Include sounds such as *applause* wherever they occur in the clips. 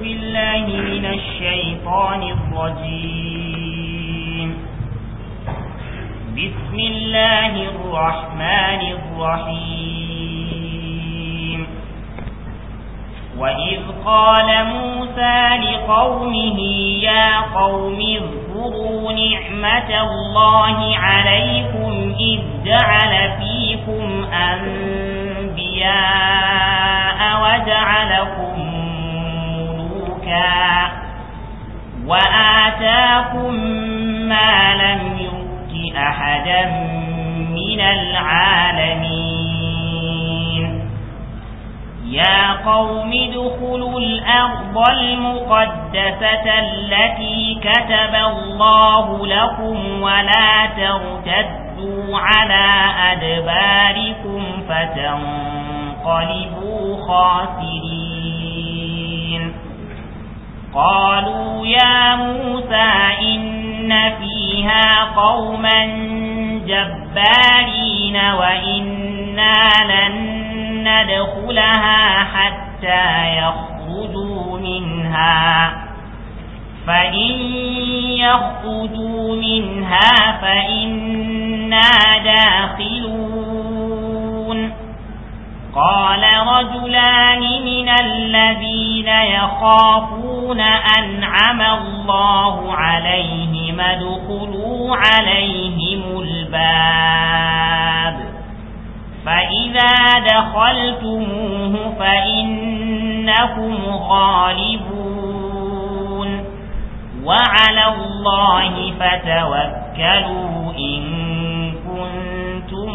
بالله من الشيطان الرجيم بسم الله الرحمن الرحيم وإذ قال موسى لقومه يا قوم اذكروا نعمة الله عليكم إذ جعل فيكم أنبياء وجعلكم وآتاكم ما لم يؤت أحدا من العالمين يا قوم ادخلوا الأرض المقدسة التي كتب الله لكم ولا ترتدوا على أدباركم فتنقلبوا خاسرين قالوا يا موسى إن فيها قوما جبارين وإنا لن ندخلها حتى يخرجوا منها فإن يخرجوا منها فإنا داخلون قال رجلان من الذين يخافون أنعم الله عليهم ادخلوا عليهم الباب فإذا دخلتموه فإنكم غالبون وعلى الله فتوكلوا إن كنتم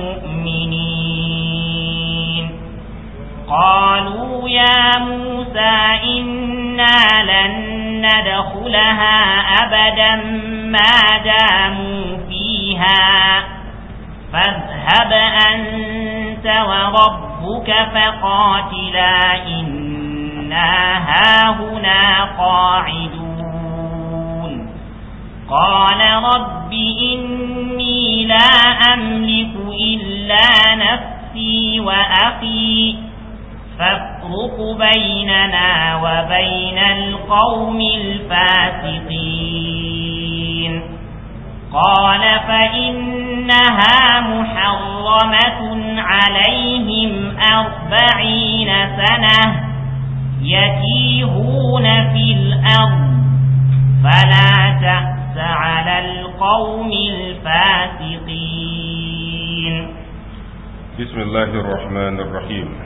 مؤمنين قالوا يا موسى إنا لن ندخلها أبدا ما داموا فيها فاذهب أنت وربك فقاتلا إنا هاهنا قاعدون قال رب إني لا أملك إلا نفسي وأخي فافرق بيننا وبين القوم الفاسقين قال فإنها محرمة عليهم أربعين سنة يتيهون في الأرض فلا تأس على القوم الفاسقين بسم الله الرحمن الرحيم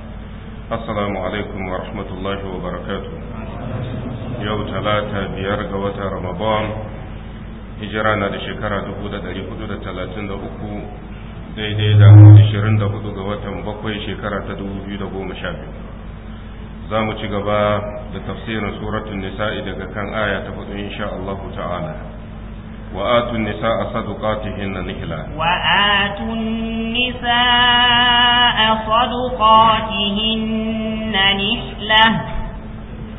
Assalamu alaikum wa rahmatullahi wa barakatuh. Yau talata biyar ga watan Ramadan, hijira na da shekara 433 daidai da 24 ga watan bakwai shekara ta 2012. Za mu ci gaba da tafsirin suratun nisa'i daga kan aya ta hudu insha Allah ta'ala. وآتوا النساء صدقاتهن نحلا وآتوا النساء صدقاتهن نحلة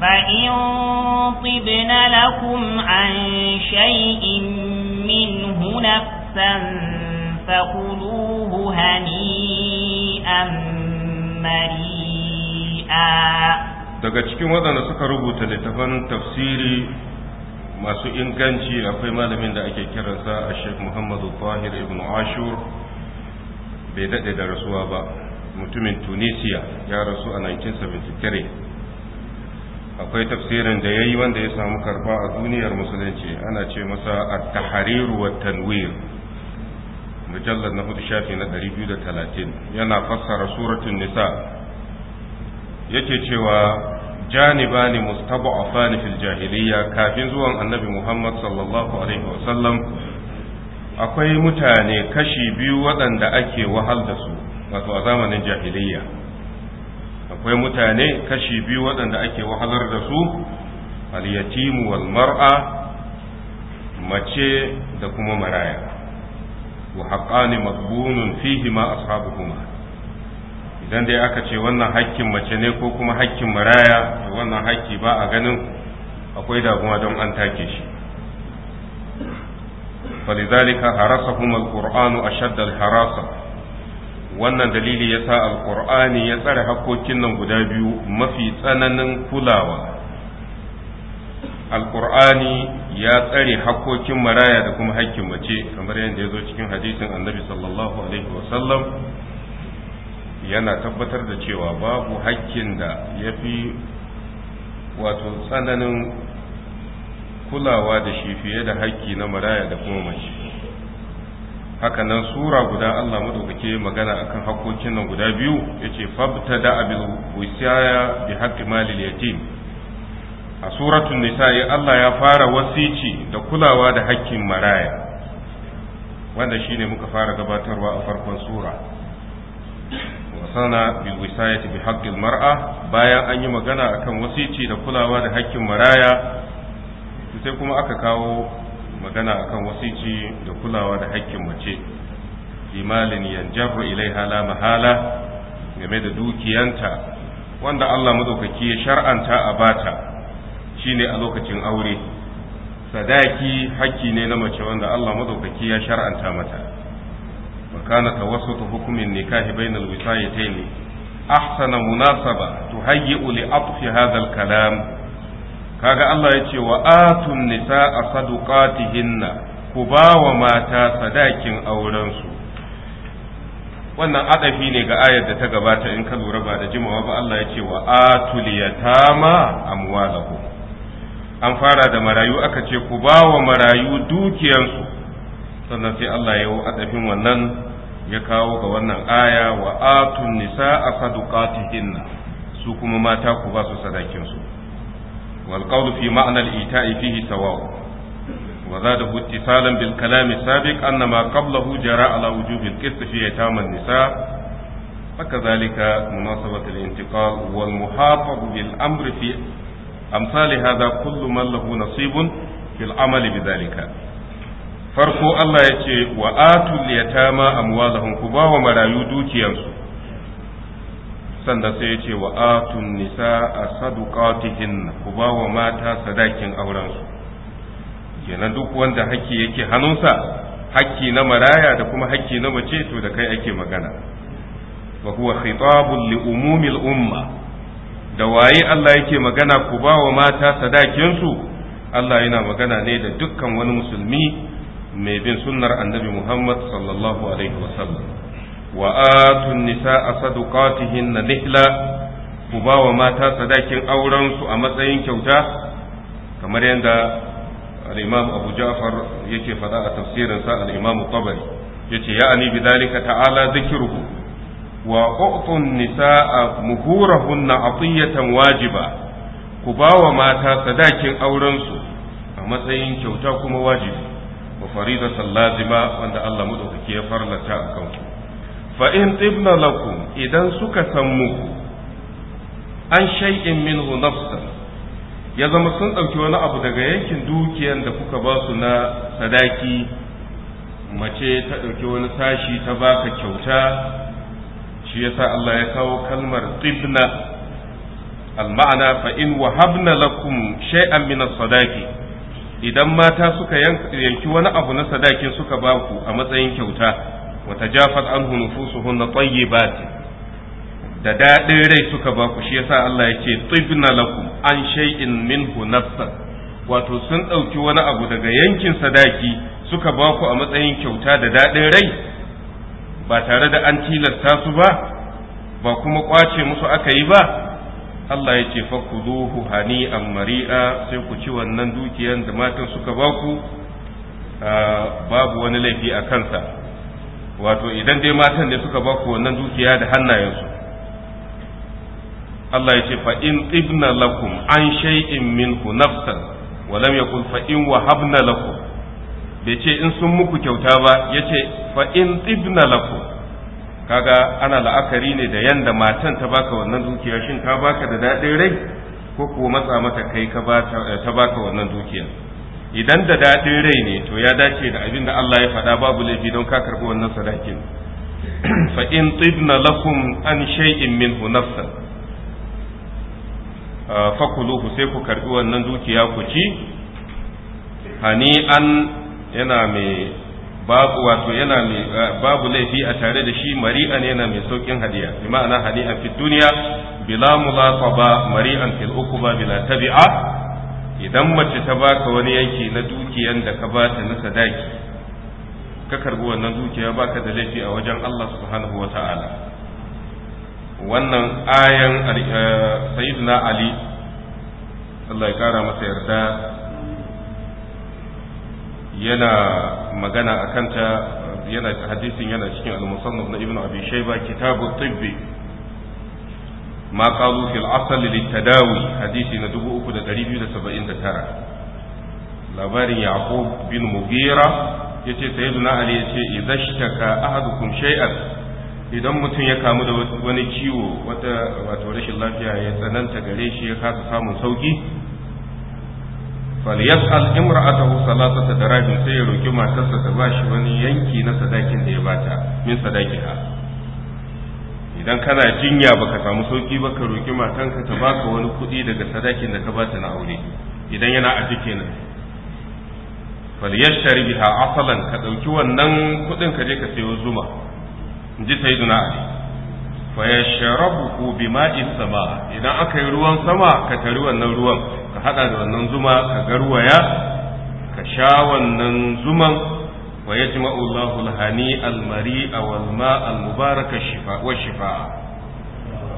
فإن طبن لكم عن شيء منه نفسا فكلوه هنيئا مريئا daga cikin waɗanda suka rubuta littafan tafsiri masu inganci akwai malamin da ake kiransa a sheikh muhammadu tahir ibn ashur bai daɗe da rasuwa ba mutumin tunisia ya rasu a 1973 akwai tafsirin da ya yi wanda ya samu karba a duniyar musulunci ana ce masa a tahariru wa tanwir mujallar na hudu shafi na 230 yana fassara suratun nisa yake cewa janibani mustaba'afani fil jahiliya kafin zuwan annabi Muhammad sallallahu alaihi wasallam akwai mutane kashi biyu waɗanda ake wahal da su wato a zamanin jahiliya akwai mutane kashi biyu waɗanda ake wahalar da su al wal mar'a mace da kuma maraya wa haqqani maqbunun fihi ma ashabuhuma idan dai aka ce wannan hakkin mace ne ko kuma hakkin maraya to wannan hakki ba a ganin akwai damuwa don an take shi falizalika harasahum alqur'anu shadda harasa. wannan dalili yasa sa alƙur'ani ya tsare hakokin nan guda biyu mafi tsananin kulawa alƙur'ani ya tsare hakokin maraya da kuma hakkin mace kamar yadda ya zo cikin hadisin annabi sallallahu alaihi wasallam yana tabbatar da cewa babu hakkin da ya fi wato tsananin kulawa da shi fiye da hakki na maraya da kuma mace haka nan, sura guda Allah madaukake magana akan hakkokin nan guda biyu yace da abil wisaya bi haqqi malil yatim a suratul nisa'i Allah ya fara wasici da kulawa da hakkin maraya wanda shine muka fara gabatarwa a farkon sura wasana bil wisayati bi haqqil mar'a bayan an yi magana akan wasici da kulawa da haƙƙin maraya sai kuma aka kawo magana akan wasici da kulawa da haƙƙin mace limalin yanjaru ilaiha la mahala game da dukiyanta wanda Allah maɗaukaki ya shar'anta a bata shine a lokacin aure sadaki haƙƙi ne na mace wanda Allah maɗaukaki ya shar'anta mata وكان توسط حكم النكاح بين الوصايتين أحسن مناسبة تهيئ لأطف هذا الكلام كاغا الله يتي وآتوا النساء صدقاتهن كبا mata sadakin aurensu. wannan adafi ne ga ayar da ta gabata in ka lura ba da jimawa ba Allah ya ce wa atul yatama amwalahu an fara da marayu aka ce ku ba wa marayu dukiyansu sannan sai Allah ya wa'adafin wannan ya kawo ga wannan kaya wa atun nisa a saduƙatihinna su kuma mata ku ba su sadakin su walƙaul fi ma'anar ita fihi sawaw wa za da hutti salam bil kalami sabiq anna ma jara ala wujubil qist fi yataman nisa haka zalika munasabat al intiqal wal muhafaz bil amr fi amsal hadha kullu man lahu nasibun fil amali bidhalika farko Allah ya ce wa atul yatama amwalahum ku ba wa marayu dukiyansu sannan sai ya ce wa atun nisa a saduqatihin ku ba wa mata sadakin aurensu kenan duk wanda hakki yake hannunsa hakki na maraya da kuma hakki na mace to da kai ake magana wa huwa khitabun li umumil umma da waye Allah yake magana ku ba wa mata sadakinsu Allah yana magana ne da dukkan wani musulmi mai bin sunnar annabi Muhammad sallallahu alaihi wasallam wa atun nisa'a sadaqatihinna nihla ku ba wa mata sadakin auren su a matsayin kyauta kamar yadda al-Imam Abu Ja'far yake faɗa a tafsirin sa al-Imam Tabari yace ani bidalika ta'ala dhikruhu wa u'tun nisa'a muhurahunna atiyatan wajiba ku ba wa mata sadakin auren su a matsayin kyauta kuma wajibi wa da lazima wanda Allah madaukake ya farlata a kanku fa in tibna lakum idan suka san muku an shay'in minhu nafsan ya zama sun ɗauki wani abu daga yankin dukiyan da kuka ba su na sadaki mace ta ɗauki wani sashi ta baka kyauta shi yasa Allah ya kawo kalmar tibna al-ma'ana fa in wahabna lakum shay'an min as-sadaqi idan mata suka yanki wani abu na sadaki suka ba ku a matsayin kyauta wata jafar wa tajafat anhu ba ce, da daɗin rai suka ba ku shi yasa Allah ya ce tsibina lakum an shay'in min nafsan wato sun ɗauki wani abu daga yankin sadaki suka ba ku a matsayin kyauta da daɗin rai ba tare da an tilasta su ba ba kuma kwace musu aka yi ba Allah ya ce fakuduhu an mari'a sai ku ci wannan dukiyan da matan suka baku babu wani laifi a kansa wato idan dai matan ne suka baku wannan dukiya da hannayensu Allah ya ce fa in ibna lakum an shay'in minhu nafsan wa lam yakul fa in wahabna lakum bai ce in sun muku kyauta ba yace fa in ibna lakum kaga ana la'akari ne da yanda matan ta baka wannan dukiya shin ka baka da daɗin rai ko kuwa matsa mata kai ka ta baka wannan dukiya idan da daɗin rai ne to ya dace da abin da Allah ya faɗa babu laifi don ka karɓi wannan sadakin *clears throat* fa in tibna lakum an shay'in minhu nafsan fa kuluhu sai ku karɓi wannan dukiya ku ci hani an yana mai babu wato yana mai eh, babu laifi a tare da shi mari'an yana mai saukin hadiya bi ma'ana hadiya fi duniya bila mulaqaba mari'an fil ukuba bila tabi'a idan mace ta baka wani yanki na dukiyan da ka bata na sadaki ka karbi wannan dukiya baka da laifi a wajen Allah subhanahu wata'ala wannan ayan eh, sayyidina ali Allah ya kara masa yarda yana magana a kanta yana hadisin yana cikin al-musannaf na ibnu abi shayba kitabu tibbi ma qalu fil asl litadawi hadisi na 3279 labarin yaqub bin mugira yace sayyiduna ali yace idhashtaka ahadukum shay'an idan mutum ya kamu da wani ciwo wata wato rashin lafiya ya tsananta gare shi ya kasa samun sauki فليسأل امرأته salatata darajin سير ya roki matarsa ta bashi wani yanki na sadakin da ya min idan kana jinya baka samu sauki ba ka roki matanka ta baka wani kuɗi daga sadakin da ka ba ta na aure idan yana a fal falyashtari biha asalan ka dauki wannan kuɗin ka je ka sayo zuma in ji sayyiduna ali fa yashrabuhu bima'i sama idan aka yi ruwan sama ka tari wannan ruwan ka haɗa da wannan zuma ka garwaya ka sha wannan zuman wa yajma'u Allahu al-hani al-mari'a wal al-mubaraka shifa wa shifa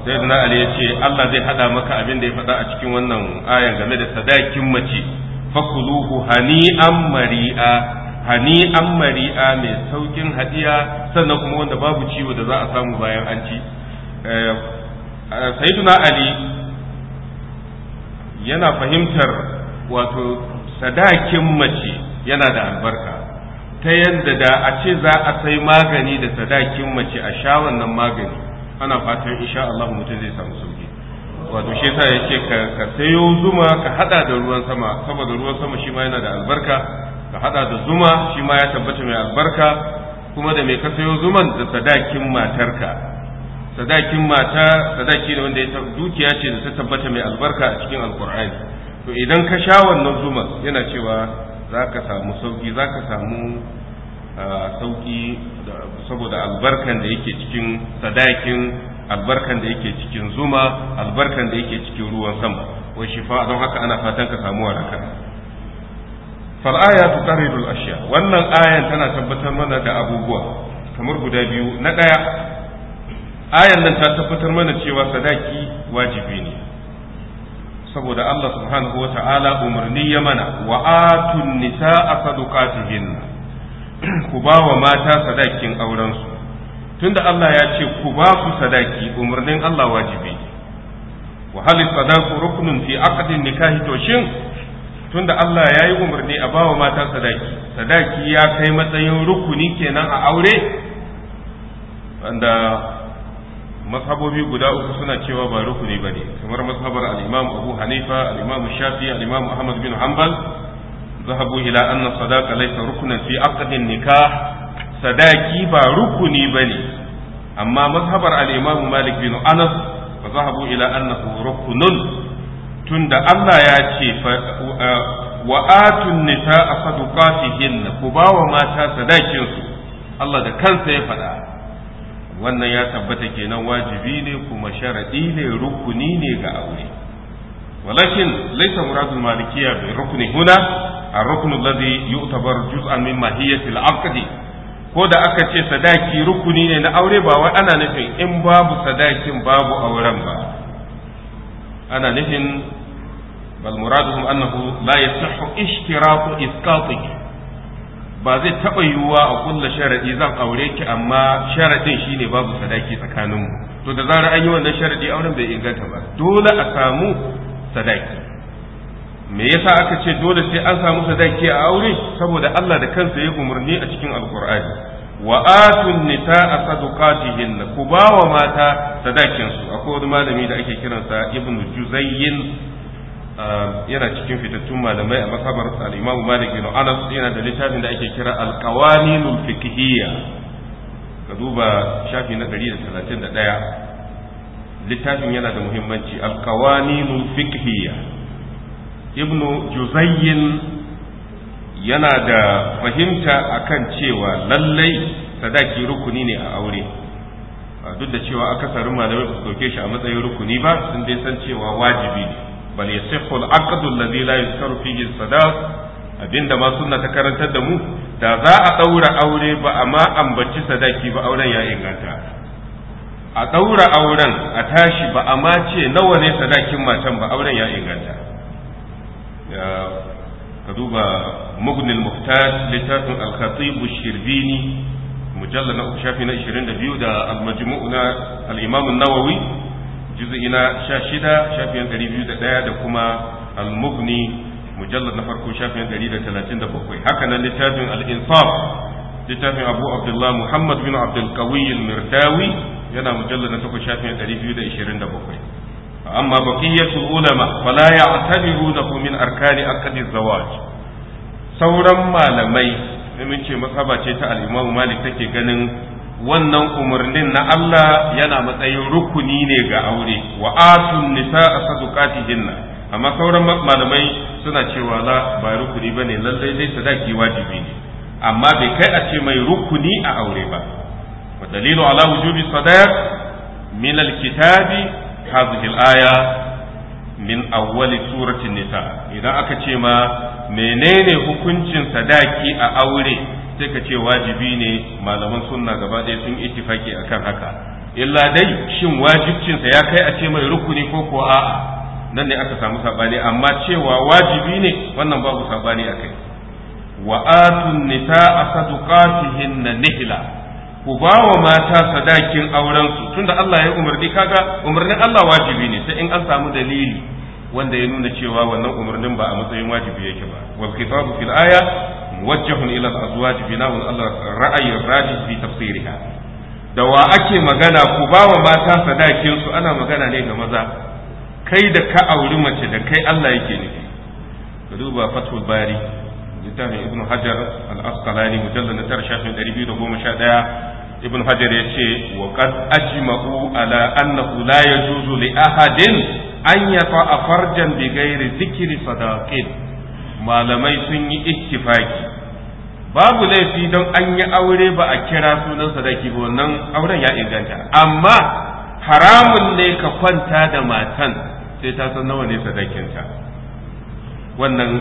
sai da Ali ya ce Allah zai haɗa maka abin da ya faɗa a cikin wannan ayan game da sadakin mace fakuluhu an mari'a an mari'a mai saukin hadiya sannan kuma wanda babu ciwo da za a samu bayan an ci eh, eh, sayyiduna Ali yana fahimtar wato sadakin mace yana da albarka ta yadda da a ce za a sai magani da sadakin mace a sha wannan magani ana fatan insha Allah mutum zai samu sauki wato shi yasa yace ka ka sayo zuma ka hada da ruwan sama saboda ruwan sama shi ma yana da albarka ka hada da zuma shi ma ya tabbata mai albarka kuma da mai ka sayo zuman da sadakin matarka sadakin mata sadaki da wanda ya dukiya ce da ta tabbata mai albarka a cikin alkur'ani to idan ka sha wannan zuma yana cewa za ka samu sauki za ka samu ah, sauki saboda albarkan da yake cikin sadakin albarkan da yake cikin zuma albarkan da yake cikin ruwan sama wai shifa don haka ana fatan ka samu waraka fal'aya tu taridul ashiya wannan ayan tana tabbatar mana da abubuwa kamar guda biyu na ɗaya ayan nan ta tabbatar mana cewa sadaki wajibi ne saboda Allah subhanahu wa ta'ala umarni ya mana wa atun nisa'a sadaqatihin *clears throat* ku ba wa mata sadakin auren su tunda Allah ya ce ku ba ku sadaki umarnin Allah wajibi ne wa hal sadaqu ruknun fi aqdin nikahi to shin tunda Allah ya yi umarni a bawa mata sadaki sadaki ya kai matsayin rukuni kenan a aure wanda mazhabobi guda uku suna cewa ba rukuni bane kamar mazhabar al-Imam Abu Hanifa al-Imam Shafi al-Imam Ahmad bin Hanbal zahabu ila anna sadaqa laysa ruknan fi aqdin nikah sadaki ba rukuni bane amma mazhabar al-Imam Malik bin Anas zahabu ila annahu ruknun tunda Allah ya ce uh, wa atun nisaa sadaqatihinna ku ba wa mata sadakin su Allah da kansa ya faɗa wannan ya tabbata kenan wajibi ne kuma sharadi ne rukuni ne ga aure walakin laysa muradul malikiyya bi rukni huna ar-rukn alladhi yu'tabar juz'an min mahiyyati al-aqd ko da aka ce sadaki rukuni ne na aure ba wai ana nufin in babu sadakin babu auren ba ana nufin bal muraduhum annahu la yasihhu ishtiratu isqatihi ba zai taɓa yiwuwa a kulla sharaɗi zan aure ki amma sharaɗin shine babu sadaki tsakaninmu to da zarar an yi wannan sharaɗi auren bai inganta ba dole a samu sadaki me yasa aka ce dole sai an samu sadaki a aure saboda Allah da kansa ya umarni a cikin alkur'ani wa atun nisaa sadaqatihin ku bawa mata sadakin su akwai wani malami da ake kiransa ibnu juzayyin yana cikin fitattun malamai a masabar al-Imam Malik bin Anas yana da littafin da ake kira al-Qawaninul Fiqhiyya ka duba shafi na 131 littafin yana da muhimmanci al-Qawaninul Fiqhiyya Ibn Juzayyin yana da fahimta akan cewa lallai sadaki rukuni ne a aure duk da cewa akasarin malamai ba su dauke shi a matsayin rukuni ba sun dai san cewa wajibi ne bal yasihhu al-aqd alladhi la yuzkaru fihi sadaq abinda ma sunna ta karantar da mu da za a daura aure ba amma an bacci sadaki ba auren ya inganta a daura auren a tashi ba amma ce nawa ne sadakin matan ba auren ya inganta Ya Kaduba mugnil muhtaj littafin al-khatib shirbini mujalla na shafi na 22 da al-majmu' na al-imam an-nawawi juz'i na 16 shafin 201 da kuma al-mughni mujallad na farko shafin 137 haka nan littafin al-insaf littafin abu abdullah muhammad bin abdul qawi al yana mujallar na 8 shafin 227 amma baqiyatul ulama fala ya'tabirunahu min arkani aqdi az-zawaj sauran malamai mun ce mazhaba ce ta al-imam malik take ganin wannan umarnin na Allah yana matsayin rukuni ne ga aure wa atun nisa a sadukatihinna amma sauran malamai suna cewa la ba rukuni ba ne lallai dai sadaki wajibi ne amma bai kai a ce mai rukuni a aure ba wa dalilu ala wujubi sadaq min alkitabi hadhihi alaya min awwal surati nisa idan aka ce ma menene hukuncin sadaki a aure sai ka ce wajibi ne malaman sunna gaba ɗaya sun ittifaki akan haka illa dai shin wajibcinsa ya kai a ce mai rukuni ko ko a'a nan ne aka samu sabani amma cewa wajibi ne wannan babu sabani akai wa atun nisaa na nihla ku ba wa mata sadakin aurensu tunda Allah ya umarni kaga umarnin Allah wajibi ne sai in an samu dalili wanda ya nuna cewa wannan umarnin ba a matsayin wajibi yake ba wal kitabu fil aya muwajjahun ila azwaj bina'un Allah ra'ayin rajih fi tafsiriha da wa ake magana ku ba wa mata sadakin su ana magana ne ga maza kai da ka auri mace da kai Allah yake nufi ka duba Fatwa bari littafin ibnu hajar al-asqalani mujallad na tar shafin 211 ibn hajar ya ce wa qad ajma'u ala annahu la yajuzu li ahadin an yata'a farjan bi ghairi dhikri sadaqin malamai sun yi ittifaki babu laifi don an yi aure ba a kira sunan sadaki ba wannan auren ya inganta amma haramun ne ka kwanta da matan sai ta san nawa ne sadakinta wannan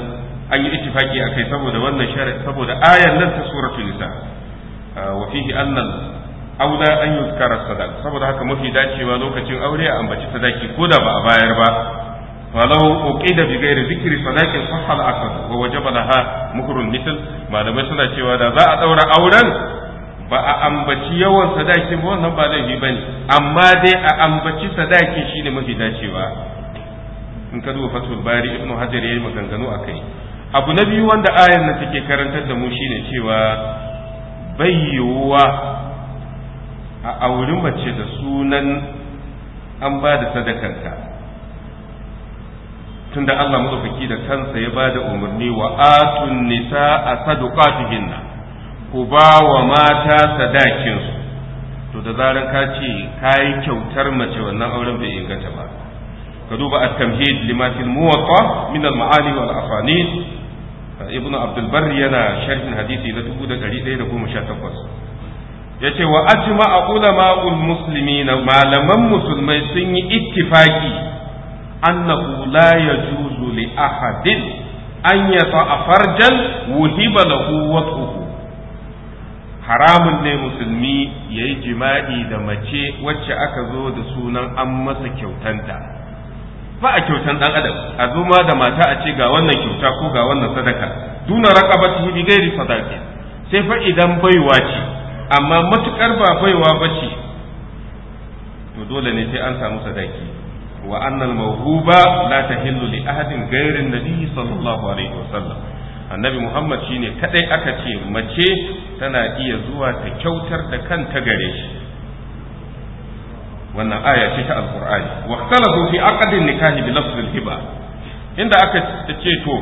an yi ittifaki a kai saboda wannan shari'a saboda ayan nan ta suratul nisa ah, wa fihi annal aula an yuzkara sadaq saboda haka mafi dacewa lokacin aure a ambaci sadaki ko da ba a bayar ba falau uqida bi ghairi zikri sadaqin sahal akad wa wajaba laha muhrul mithl malamai suna cewa da za a daura auren ba a ambaci yawan sadakin ba wannan ba laifi bane amma dai a ambaci sadakin shine mafi dacewa in ka duba fatul bari ibnu hajar yayi maganganu abu na biyu wanda ayan nan take karantar da mu shine cewa bayyuwa a auri mace da sunan an ba da sadakanta tunda Allah madaukaki da kansa ya bada umarni wa atun nisaa sadaqatihinna ku ba wa mata sadakinsu. to da zaran ka ce kai kyautar mace wannan auren bai inganta ba ka duba at-tamhid lima fil min al-ma'ali wal afanid ibnu abdul barr yana sharhin hadisi na 1118 ya wa ajma'a a ulama'ul musulmi na malaman musulmai sun yi ittifaqi annahu la yajuzu li ahadin an a farjan wuhiba lahu wat'uhu haramun ne musulmi ya yi jima'i da mace wacce aka zo da sunan an masa kyautanta ba a kyautan ɗan adam a zo ma da mata a ce ga wannan kyauta ko ga wannan sadaka duna raqabatu bi ghairi sadaqi sai fa idan baiwa ce amma matukar ba baiwa bace to dole ne sai an samu sadaki wa annal mawhuba la tahillu li ahadin ghairin nabi sallallahu alaihi wasallam annabi muhammad shine kadai aka ce mace tana iya zuwa ta kyautar da kanta gare shi wannan aya ce ta alqur'ani wa ikhtalafu fi aqdin nikahi bi lafz hiba inda aka ce to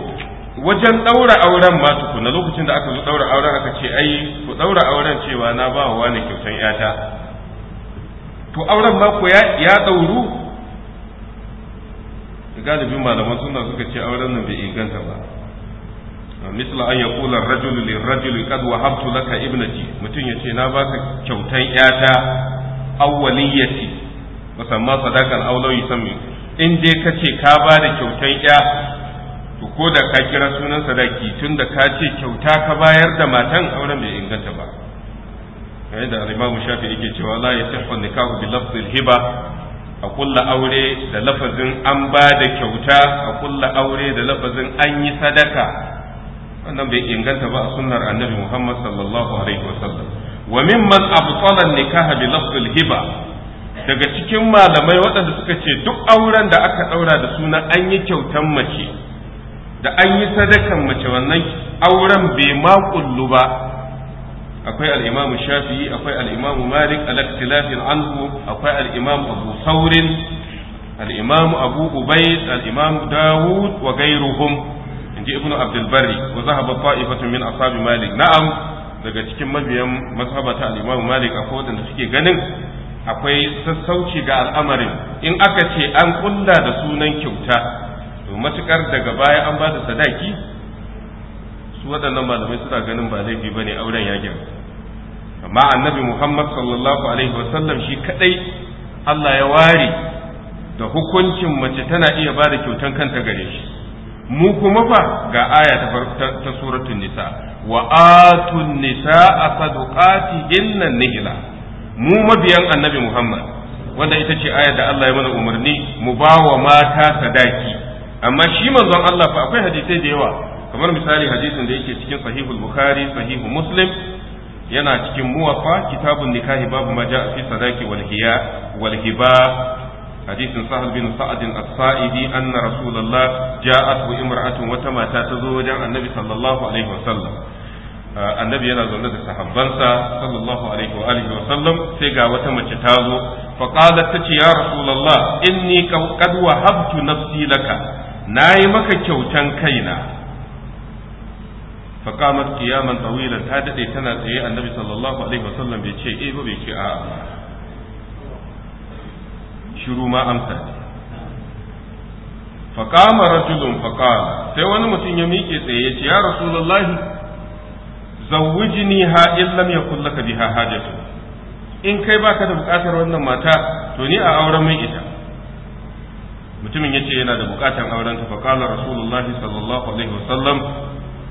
wajen daura auren ma tukuna lokacin da aka zo daura auren aka ce ai ku daura auren cewa na ba wa ne kyautan yata to auren ma ku ya dauru galibin malaman suna suka ce auren nan bai inganta ba misla an yaqula ar-rajulu lir-rajuli qad wahabtu laka ibnati mutum yace na baka kyautan yata awwaliyati musamman sadakan aulawi sami in dai kace ka ba da kyautan ya to ko da ka kira sunan sadaki tunda ka ce kyauta ka bayar da matan auren bai inganta ba yayin da al-imamu shafi yake cewa la yasihhu nikahu bi lafzil hiba a kulla aure da lafazin an ba da kyauta a kulla aure da lafazin an yi sadaka wannan bai inganta ba a sunnar annabi Muhammad sallallahu alaihi wasallam wa mimman abtala nikaha bi lafzil hiba daga cikin malamai waɗanda suka ce duk auren da aka ɗaura da suna an yi kyautan mace da an yi sadakan mace wannan auren bai ma kullu ba akwai al'imam shafi'i akwai alimam malik al-ikhtilafin anhu akwai al abu saurin al abu ubai al dawud wa ghayruhum inji ibnu abdul barri wa zahaba ta'ifatun min Asabi malik na'am daga cikin mabiyan mazhabata al malik akwai wadanda suke ganin akwai sassauci ga al'amarin in aka ce an kulla da sunan kyauta to matukar daga baya an ba da sadaki su waɗannan malamai suna ganin ba laifi ba ne auren ya gyaru amma annabi muhammad sallallahu alaihi wasallam shi kadai allah ya ware da hukuncin mace tana iya ba da kyautan kanta gare shi mu kuma fa ga aya ta ta suratun nisa wa atun nisa a inna innan mu mabiyan annabi muhammad wanda ita ce aya da allah ya mana umarni mu ba wa mata sadaki amma shi manzon allah fa akwai hadisai da yawa kamar misali hadisin da yake cikin sahihul bukhari sahihu muslim yana cikin muwaffa kitabun nikahi babu ma ja'a fi sadaqi wal hiya wal hiba hadisin sahal bin sa'ad as-sa'idi anna rasulullah ja'at wa imra'atun wata mata ta zo wajen annabi sallallahu alaihi wa sallam uh, annabi yana zaune da sahabbansa sallallahu alaihi wa alihi wa sallam sai ga wata mace ta zo fa qalat tace ya rasulullah inni qad wahabtu nafsi laka nayi maka kyautan kaina فقامت قياما tawila ta daɗe tana tsaye annabi sallallahu alaihi wasallam bai ce eh ba bai ce a'a ba shiru ma amsa faqama rajulun faqala sai wani mutum ya miƙe tsaye ya ce ya rasulullahi zawwijniha in lam yakul laka biha hajatu in kai baka da bukatar wannan mata to ni a auren mai ita mutumin yace yana da bukatar auren ta qala rasulullahi sallallahu alaihi wasallam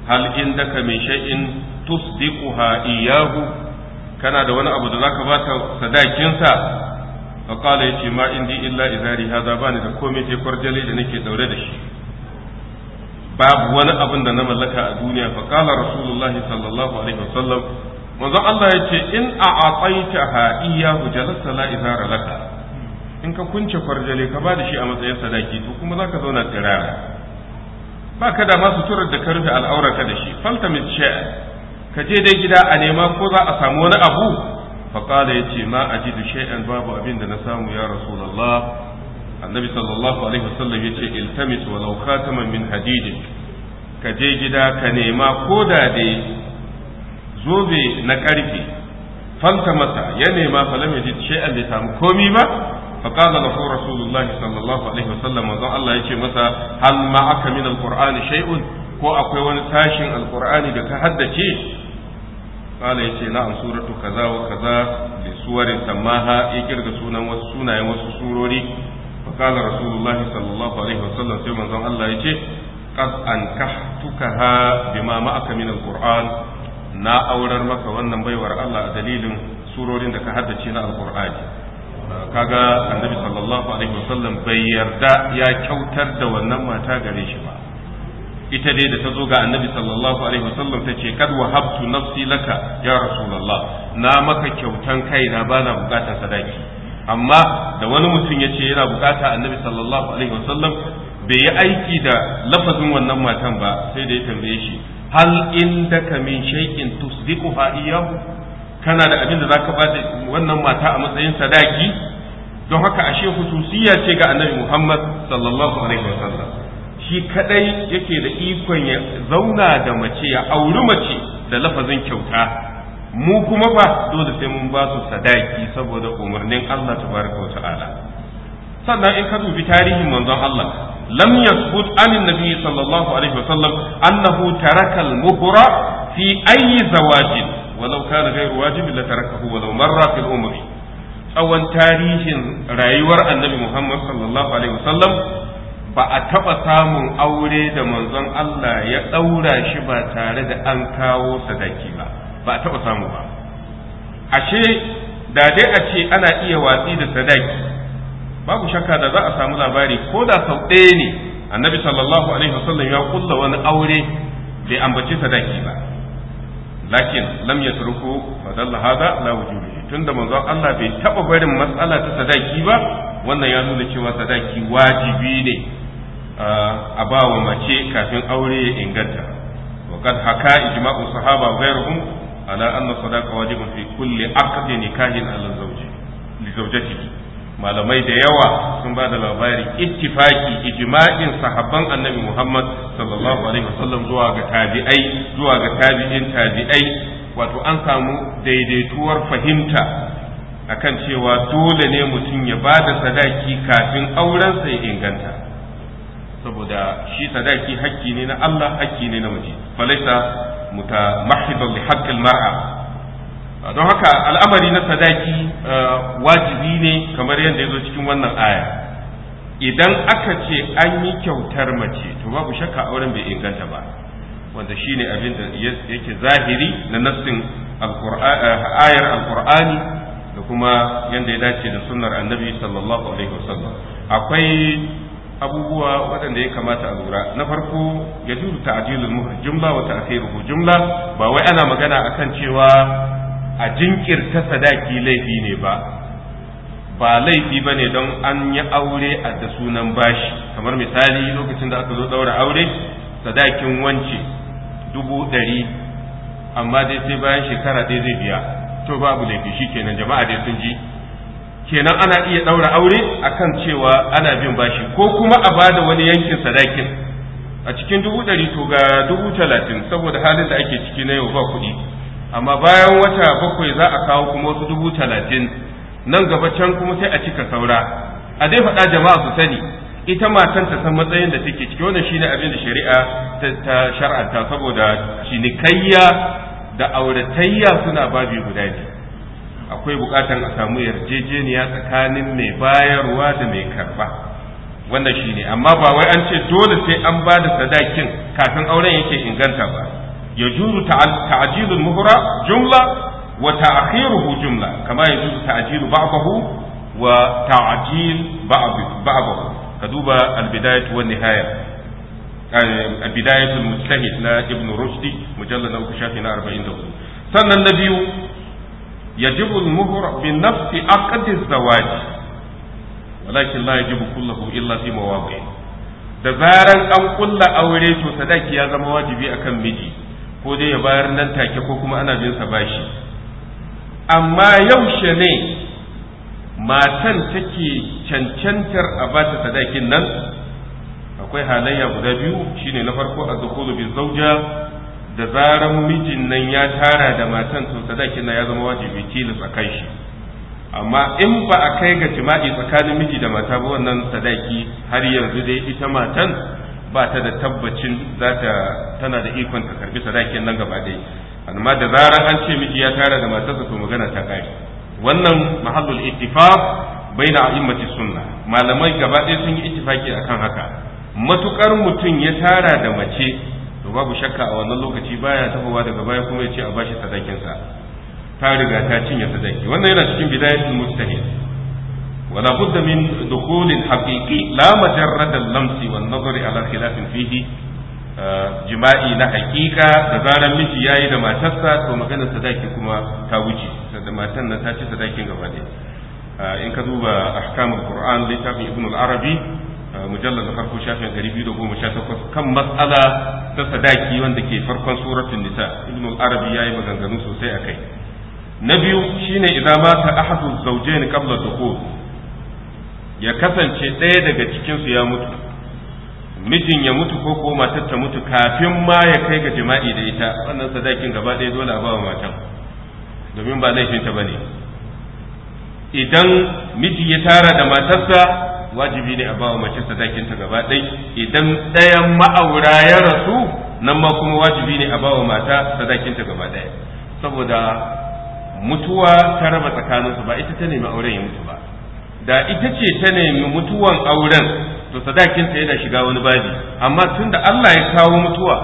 hal indaka min shay'in tusdiquha iyyahu kana da wani abu da zaka ba ta sadakin sa fa qala yace ma indi illa izari hada bani da komai sai da nake daure da shi babu wani abun da na mallaka a duniya fa qala rasulullahi sallallahu alaihi wasallam manzon Allah yace in a'ataitaha iyyahu jalasta la izara laka in ka kunce kwarjali ka ba da shi a matsayin sadaki to kuma zaka zauna tsirara ba ka da masu turar da ka rufe al'aurarka da shi faltamis sha'an ka je dai gida a nema ko za a samu wani abu faƙala ya ce ma a ji da sha'an babu abin da na samu ya rasulallah annabi sallallahu alaihi wasallam ya ce iltamis walau khataman min hadidin ka je gida ka nema ko da dai zobe na ƙarfe Fanta masa ya nema falam ya ji sha'an bai samu komi ba فقال له رسول الله صلى الله عليه وسلم manzon Allah yace masa hal ma'aka min alqur'ani shay'un ko akwai wani tashin alqur'ani da ka haddace kala yace na'am suratu kaza wa kaza li suwarin samaha ya sunayen wasu surori فقال رسول الله صلى الله عليه وسلم sai manzon Allah yace qad ankahtukaha bima ma'aka min alqur'an na aurar maka wannan baiwar Allah a dalilin surorin da ka haddace na alqur'ani kaga annabi sallallahu alaihi wasallam bai yarda ya kyautar da wannan mata gare shi ba ita dai da ta zo ga annabi sallallahu alaihi wasallam ta ce kad habtu nafsi laka ya rasulullah na maka kyautan kaina bana bukatar sadaki amma da wani mutum ya ce yana bukata annabi sallallahu alaihi wasallam bai yi aiki da lafazin wannan matan ba sai da ya tambaye shi hal indaka min shay'in tusdiquha iyyahu kana da abin da za ka bada wannan mata a matsayin sadaki don haka ashe hususiyya ce ga annabi muhammad sallallahu alaihi wasallam shi kadai yake da ikon ya zauna da mace ya auri mace da lafazin kyauta mu kuma ba dole sai mun ba su sadaki saboda umarnin allah tabaraka wa ta'ala sannan in ka dubi tarihin manzon allah lam yasbut عن النبي صلى الله عليه وسلم أنه ترك المهر fi أي زواج walau kana gairu wajibin la tarakahu walau marra fil tsawon tarihin rayuwar annabi Muhammad sallallahu alaihi wasallam ba a taɓa samun aure da manzon Allah ya ɗaura shi ba tare da an kawo sadaki ba ba a taɓa samu ba ashe da dai a ce ana iya watsi da sadaki babu shakka da za a samu labari ko da sau ɗaya ne annabi sallallahu alaihi wasallam ya kulla wani aure bai ambaci sadaki ba lakin lam yatruku fadalla hada la wujubi tunda manzo Allah bai taba barin matsala ta sadaki ba wannan ya nuna cewa sadaki wajibi ne a ba mace kafin aure ya inganta wa kad haka ijma'u sahaba ghairuhum ala anna sadaqa wajibun fi kulli aqdi nikahin ala zawji li zawjatihi malamai da yawa sun ba da labari ittifaki ijma'in sahabban annabi Muhammad sallallahu alaihi wasallam zuwa ga tabi'ai zuwa ga tabi'in tabi'ai wato an samu daidaituwar fahimta akan cewa dole ne mutum ya ba da sadaki kafin auren sai inganta saboda shi sadaki hakki ne na Allah hakki ne na waje falaita mutamahidan mahibar da mar'a don haka al'amari na sadaki eh, wajibi ne kamar yadda ya zo cikin wannan aya idan aka ce an yi kyautar mace to babu shakka auren bai inganta ba wanda ne abin da yake zahiri na nassin eh, ayar alkur'ani da kuma yadda ya dace da sunnar annabi sallallahu alaihi wasallam akwai abubuwa waɗanda ya kamata a lura na farko ya juru ta'dilul jumla wa ta'khiruhu jumla ba wai ana magana akan cewa a jinkirta sadaki laifi ne ba ba laifi ba ne don an yi aure a da sunan bashi kamar misali lokacin da aka zo ɗaura aure sadakin wance dubu ɗari amma dai sai bayan shekara ɗaya zai biya to babu laifi shi kenan jama'a dai sun ji kenan ana iya ɗaura aure akan cewa ana bin bashi ko kuma a bada wani yankin sadakin a cikin dubu ɗari to ga dubu talatin saboda halin da ake ciki na yau ba kuɗi amma bayan wata bakwai za a kawo kuma wasu dubu talatin nan gaba can kuma sai a cika saura a dai faɗa jama'a su sani ita matan ta san matsayin da take ciki wannan shine abin da shari'a ta shar'anta saboda cinikayya da auratayya suna babi guda ne akwai bukatan a samu yarjejeniya tsakanin mai bayarwa da mai karba wannan shine amma ba wai an ce dole sai an ba da sadakin kafin auren yake inganta ba يجوز تعجيل المهرة جملة وتأخيره جملة كما يجوز تعجيل بعضه وتعجيل بعض بعضه كدوب البداية والنهاية بداية المجتهد لا ابن رشدي مجلد أو شافنا أربعين دولة سنة النبي يجب المهر بنفس عقد الزواج ولكن لا يجب كله إلا في مواضعه da zaran an kulla aure to sadaki ya zama wajibi akan miji ko dai ya bayar nan take ko kuma ana bin sa bashi amma yaushe ne matan take cancantar a ba ta sadakin nan akwai halayya guda biyu shine na farko a zukulu bin zauja da zaran mijin nan ya tara da matan to sadakin nan ya zama wajibi tilasa a kan shi amma in ba a kai ga jima'i tsakanin miji da mata ba wannan sadaki har yanzu dai ita matan ba ta da tabbacin za ta tana da ikon ta karbi sadakin nan gaba ɗaya amma da zarar an ce miji ya tara da matarsa to magana ta ƙare wannan mahallul ittifaq baina a'immati sunna malamai gaba ɗaya sun yi ittifaki akan haka matukar mutum ya tara da mace to babu shakka a wannan lokaci baya tafowa daga baya kuma ya ce a bashi sadakinsa ta riga ta cinye sadaki wannan yana cikin bidayatul mustahil ولا بد من دخول حقيقي لا مجرد اللمس والنظر على خلاف فيه jima'i na hakika da zaran miji yayi da matarsa to maganar sadaki kuma ta wuce da matan nan ta ci sadakin gaba ne in ka duba ahkamul qur'an littafin ibn al-arabi mujallal na farko shafin 218 kan matsala ta sadaki wanda ke farkon suratul nisa ibn al-arabi yayi maganganu sosai a kai na biyu shine idan mata ahadu zawjayn qabla dukhul ya kasance ɗaya daga cikinsu ya mutu mijin ya mutu ko ko matar ta mutu kafin ma ya kai ga jima'i da ita wannan sadakin gaba ɗaya dole a ba wa matan domin ba laifinta ba ne idan miji ya tara da matarsa wajibi ne a ba wa mace sadakinta gaba ɗai idan ɗayan ma'aura ya rasu nan ma kuma wajibi ne a ba wa mata sadakinta gaba ɗaya saboda mutuwa ta raba tsakaninsu ba ita ta nemi auren ya mutu ba da ita ce ta nemi mutuwan auren to sadakinta yana shiga wani babi amma tun da Allah ya kawo mutuwa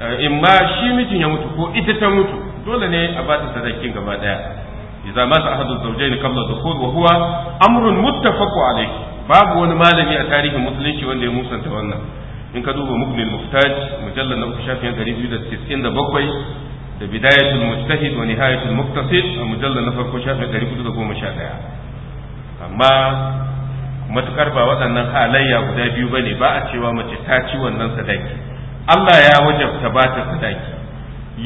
eh, in ma shi mijin ya mutu ko ita ta mutu dole ne a ba ta sadakin gaba daya idza mata ahadu zawjayn qabla dukhul wa huwa amrun muttafaqu alayhi babu wani malami a tarihin musulunci wanda ya musanta wannan in ka duba mughnil muhtaj mujallal na uku shafin biyu da da da bakwai, bidayatul mujtahid wa nihayatul muqtasid a mujallal na farko da goma sha ɗaya. amma matukar ba waɗannan halayya guda biyu bane ba a cewa mace ta ci wannan sadaki Allah ya wajabta ba ta sadaki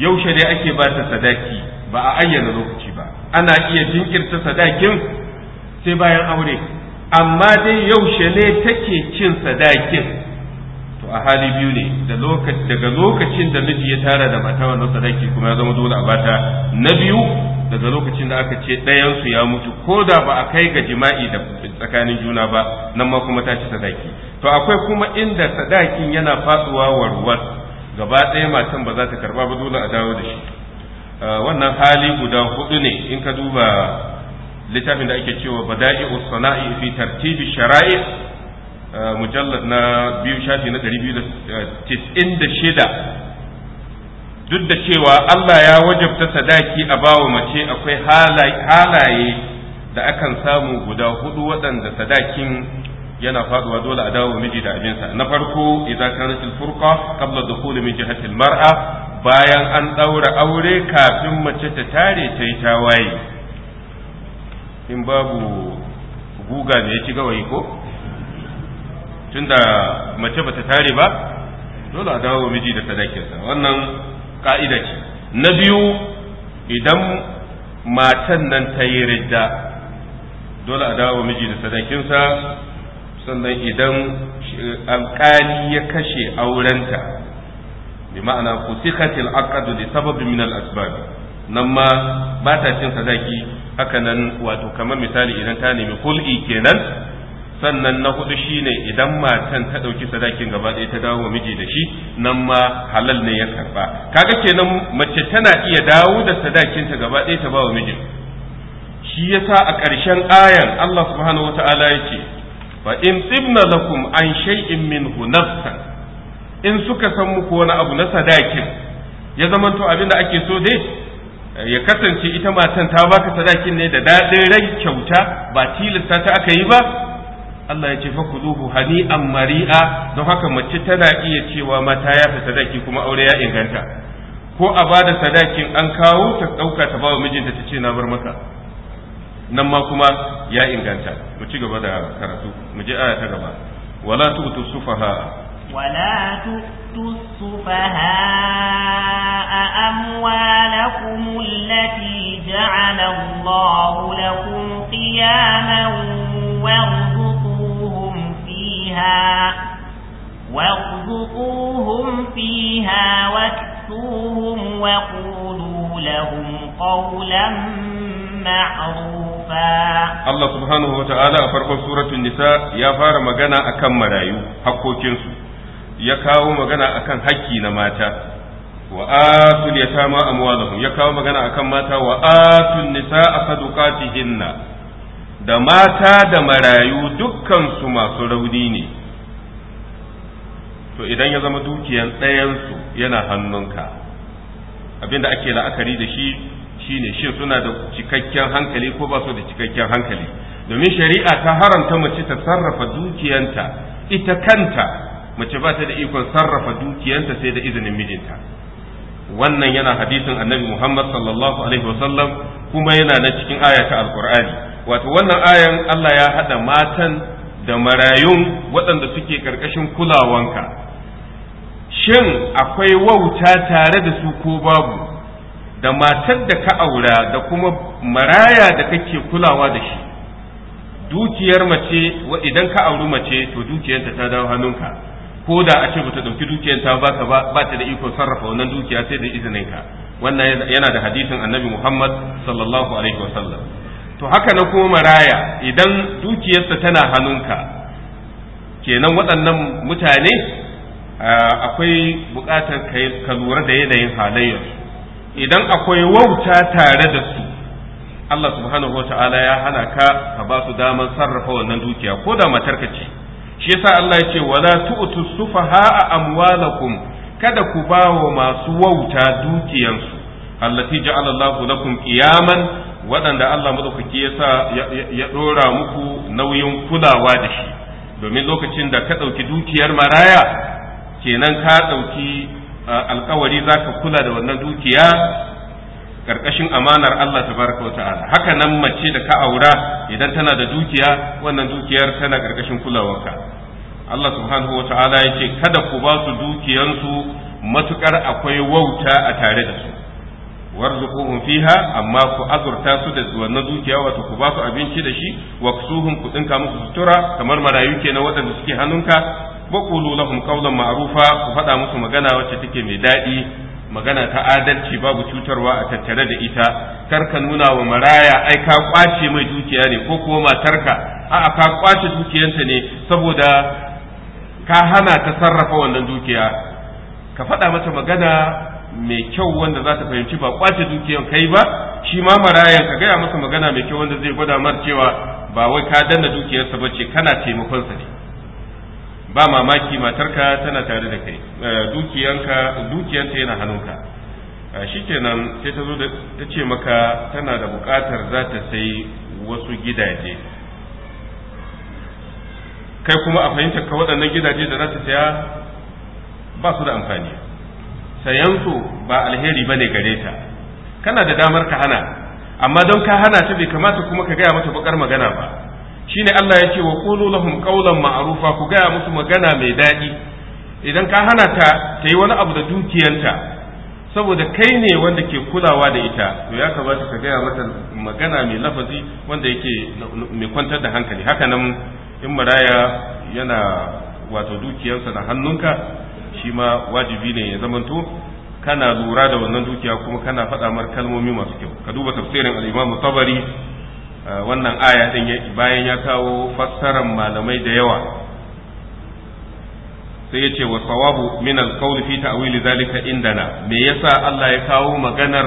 yaushe dai ake ba ta sadaki ba a ayyana lokaci ba ana iya jinkirta sadakin sai bayan aure amma dai yaushe ne take cin sadakin a hali biyu ne daga lokacin da miji ya tara da mata wannan sadaki kuma ya zama dole a bata na biyu daga lokacin da aka ce ɗayansu ya mutu ko da ba a kai ga jima'i da tsakanin juna ba nan ma kuma ta ci sadaki to akwai kuma inda sadakin yana faduwa warwar gaba ɗaya matan ba za ta karba ba dole a dawo da shi wannan hali guda hudu ne in ka duba littafin da ake cewa bada'i sana'i fi tartibi shara'i mujallad na biyu shafi na ɗari biyu da tis'in da shida duk da cewa Allah ya wajabta sadaki a bawa mace akwai halaye da akan samu guda hudu waɗanda sadakin yana faɗuwa dole a dawo miji da abinsa na farko idan kan rashin kabla da kula min jihati mar'a bayan an ɗaura aure kafin mace ta tare ta yi tawaye in babu guga ne ya ci gawayi ko tunda mace bata tare ba dole a dawo miji da sadakinsa wannan ka'ida ce na biyu idan matan nan ta yi ridda dole a dawo miji da sadakinsa sannan idan eh, alkali ya kashe aurenta bi ma'ana fusikatil aqdu li sababin min al asbab nan ma ba ta cin sadaki haka nan wato kamar misali idan ta nemi kul'i kenan sannan na hudu shine idan matan ta ɗauki sadakin gaba ɗaya ta dawo miji da shi nan ma halal ne ya karba kaga kenan mace tana iya dawo da sadakinta gaba ɗaya ta ba wa shi yasa a ƙarshen ayan Allah subhanahu wata'ala ya ce fa in tibna lakum an shay'in min hunafsa in suka san muku wani abu na sadakin ya zamanto abin da ake so dai eh, ya kasance ita matan ta baka sadakin ne da daɗin rai kyauta ba tilasta ta aka yi ba Allah ya ce hani hani'an mari'a don haka mace tana iya cewa mata ya ta sadaki kuma aure ya inganta ko a bada sadakin an kawo ta ɗauka ta bawa mijinta ta ce na bar maka nan ma kuma ya inganta mu ci gaba da karatu mu je aya ta gaba wala tu sufaha tu tu sufaha أموالكم التي جعل الله لكم قياما وارزقوهم وارزقوهم فيها واكسوهم وقولوا لهم قولا معروفا الله سبحانه وتعالى فرق سورة النساء يا فار مغنى أكم مرايو حقو كنسو يكاو مغنى أكم حكي نماتا وآتوا اليتامى أموالهم يا كاو مغنى أكم ماتا وآتوا النساء صدقاتهن da mata da marayu dukkan su masu rauni ne to idan ya zama dukiyan ɗayansu yana hannunka abinda ake la'akari da shi shine shi suna da cikakken hankali ko ba su da cikakken hankali domin shari'a ta haramta mace ta sarrafa dukiyanta ita kanta mace ba ta da ikon sarrafa dukiyanta sai da izinin mijinta wannan yana hadisin annabi muhammad sallallahu alaihi wasallam kuma yana na cikin ayata alkur'ani wato wannan ayan allah ya hada matan da marayun waɗanda suke ƙarƙashin kulawanka shin akwai wauta tare da su ko babu da matar da ka aura da kuma maraya da kake kulawa da shi dukiyar mace wa idan ka auri mace to dukiyarta ta dawo hannunka ko da a ce bata dauki dukiyar ta ba ta da iko sarrafa wannan dukiya sai da izinin ka wannan yana da hadisin annabi Muhammad sallallahu alaihi wasallam to haka na kuma maraya idan dukiyarta tana hannunka kenan waɗannan mutane Ah, akwai buƙatar ka lura da yanayin halayyarsu idan akwai wauta tare da su Allah subhanahu wa ta'ala ya hana ka ka ba su damar sarrafa wannan dukiya ko da matar ka ce shi yasa Allah ya ce wala tu'tu sufaha amwalakum kada ku ba wa masu wauta dukiyansu allati ja'ala Allah lakum qiyaman waɗanda Allah madaukaki yasa ya dora muku nauyin kulawa da shi domin lokacin da ka ɗauki dukiyar maraya kenan ka ɗauki alkawari za ka kula da wannan dukiya ƙarƙashin amanar Allah tabaraka ta'ala haka nan mace da ka aura idan tana da dukiya wannan dukiyar tana ƙarƙashin kulawarka Allah subhanahu ta'ala ya ce kada ku ba su dukiyansu matukar akwai wauta a tare da su warzuquhum fiha amma ku azurta su da wannan dukiya wato ku ba su abinci da shi wa kusuhum ku dinka musu sutura kamar marayu kenan waɗanda suke hannunka wa qulu lahum qawlan ma'rufa ku faɗa musu magana wacce take mai daɗi magana ta adalci babu cutarwa a tattare da ita kar ka nuna wa maraya ai ka kwace mai dukiya ne ko kuma matarka a'a ka kwace dukiyarta ne saboda ka hana ta sarrafa wannan dukiya ka faɗa mata magana mai kyau wanda za ta fahimci ba kwace dukiyar kai ba shi ma marayan ka gaya masa magana mai kyau wanda zai gwada mar cewa ba wai ka danna dukiyarsa ba ce kana taimakonsa ne ba mamaki matarka tana tare da kai eh, dukiyanka dukiyanta yana hannunka eh, shikenan sai ta zo ta ce maka tana da buƙatar za ta sai wasu gidaje kai kuma a fahimtar ka waɗannan gidaje da za ta saya ba su da amfani sayansu ba alheri ba ne gare ta kana da damar ka hana amma don ka hana ta bai kamata kuma ka gaya mata bakar magana ba shine Allah ya ce wa qulu lahum qawlan ma'rufa ku gaya musu magana mai daɗi idan ka hana ta ta yi wani abu da dukiyanta saboda kai ne wanda ke kulawa da ita to ya kamata ka gaya mata magana mai lafazi wanda yake mai kwantar da hankali haka nan in maraya yana wato dukiyarsa na hannunka shi ma wajibi ne ya zamanto kana lura da wannan dukiya kuma kana faɗa mar kalmomi masu kyau ka duba tafsirin al-Imam Tabari Eh, wannan aya din bayan ya kawo fassarar malamai da yawa sai ya ce wa sawabu min alqawl fi ta'wil zalika indana me yasa Allah ya kawo maganar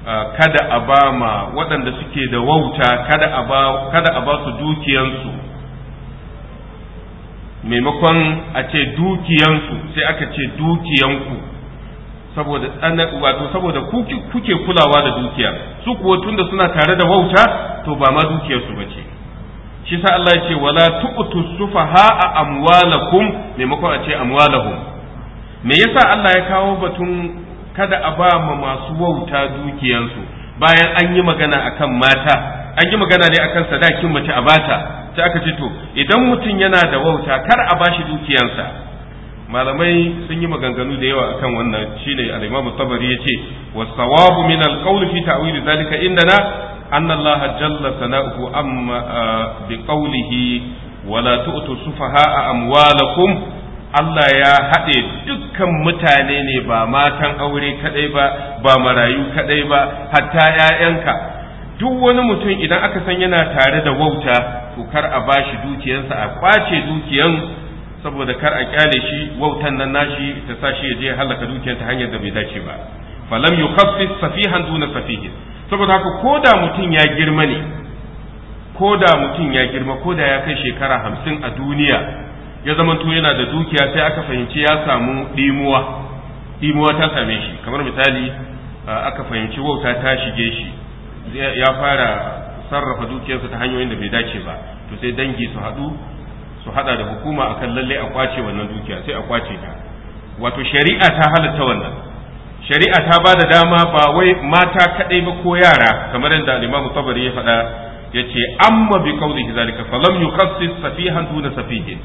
eh, kada a ba ma waɗanda suke da wauta kada a ba kada a su dukiyansu maimakon a ce dukiyansu sai aka ce dukiyanku saboda wato saboda kuke kulawa da dukiya su kuwa tunda suna tare da wauta to ba ma dukiyar su bace shi sa Allah ya ce wala tu'tu sufaha amwalakum maimakon a ce amwalahum me yasa Allah ya kawo batun kada a ba ma masu wauta su bayan an yi magana akan mata an yi magana ne akan sadakin mace a bata ta aka ce to idan mutum yana da wauta kar a bashi dukiyansa malamai sun yi maganganu da yawa akan wannan shine al imamu Tabari yace wa sawabu min al-qawl fi ta'wil zalika indana anna Allah jalla sana'uhu amma bi qawlihi wala tu'tu sufaha'a amwalakum Allah ya haɗe dukkan mutane ne ba matan aure kaɗai ba ba marayu kaɗai ba hatta 'ya'yanka duk wani mutum idan aka san yana tare da wauta to a bashi dukiyarsa a kwace dukiyan saboda kar a kyale shi wautan nan nashi ta sa shi ya je halaka dukiyar ta hanyar da bai dace ba falam yukhaffif safihan duna safihin saboda haka ko da mutum ya girma ne ko da mutum ya girma ko da ya kai shekara hamsin a duniya ya to yana da dukiya sai aka fahimci ya samu ɗimuwa ɗimuwa ta same shi kamar misali aka fahimci wauta ta shige shi ya fara sarrafa dukiyarsa ta hanyoyin da bai dace ba to sai dangi su haɗu su hada da hukuma akan lalle a kwace wannan dukiya sai a kwace ta wato shari'a ta halatta wannan shari'a ta ba da dama ba wai mata kadai ba ko yara kamar yadda al-Imam Tabari ya faɗa yace amma bi qawlihi zalika falam yukhassis safihan duna safihin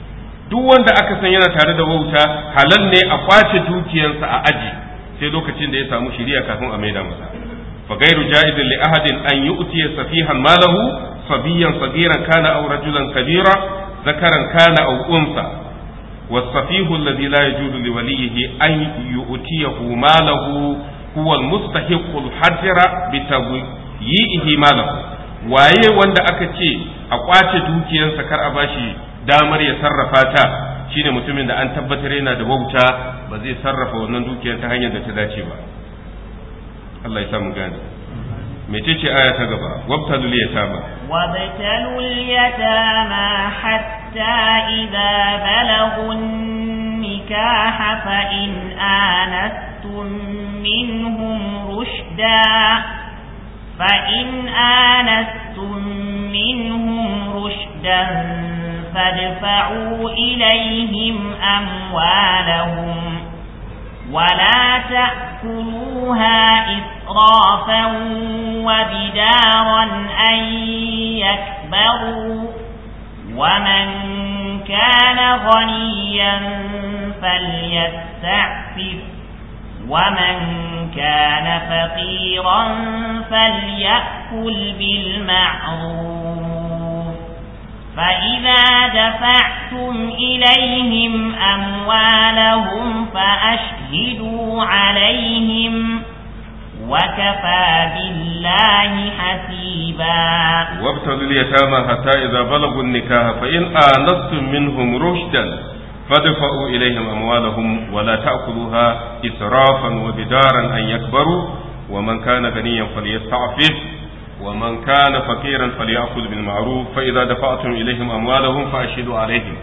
duk wanda aka san yana tare da wauta halal ne a kwace dukiyarsa a aji sai lokacin da ya samu shari'a kafin a maida masa fa gairu ja'idin li ahadin an yu'tiya safihan malahu sabiyan sagiran kana aw rajulan kabira zakaran kana aw unsa wasafihu alladhi la yajuzu li waliyhi an yu'tiyahu malahu huwa almustahiqu alhajra bitawyihi malahu waye wanda aka ce a kwace dukiyarsa kar a bashi damar ya sarrafa ta shine mutumin da an tabbatar yana da wauta ba zai sarrafa wannan dukiyar ta hanyar da ta dace ba Allah ya samu gane mecece aya ta gaba wabtalul yatama wabtalul yatama hatta idza balagun nikaha fa in anastum minhum rushda فإن آنستم منهم رشدا فادفعوا إليهم أموالهم ولا تأكلوها إسرافا وبدارا أن يكبروا ومن كان غنيا فليستعفف ومن كان فقيرا فليأكل بالمعروف فإذا دفعتم إليهم أموالهم فأشهدوا عليهم وكفى بالله حسيبا وابتلوا اليتامى حتى إذا بلغوا النكاح فإن آنستم منهم رشدا فادفعوا إليهم أموالهم ولا تأكلوها إسرافا وبدارا أن يكبروا ومن كان غنيا فليستعفف ومن كان فقيرا فليأخذ بالمعروف فإذا دفعتم إليهم أموالهم فأشهدوا عليهم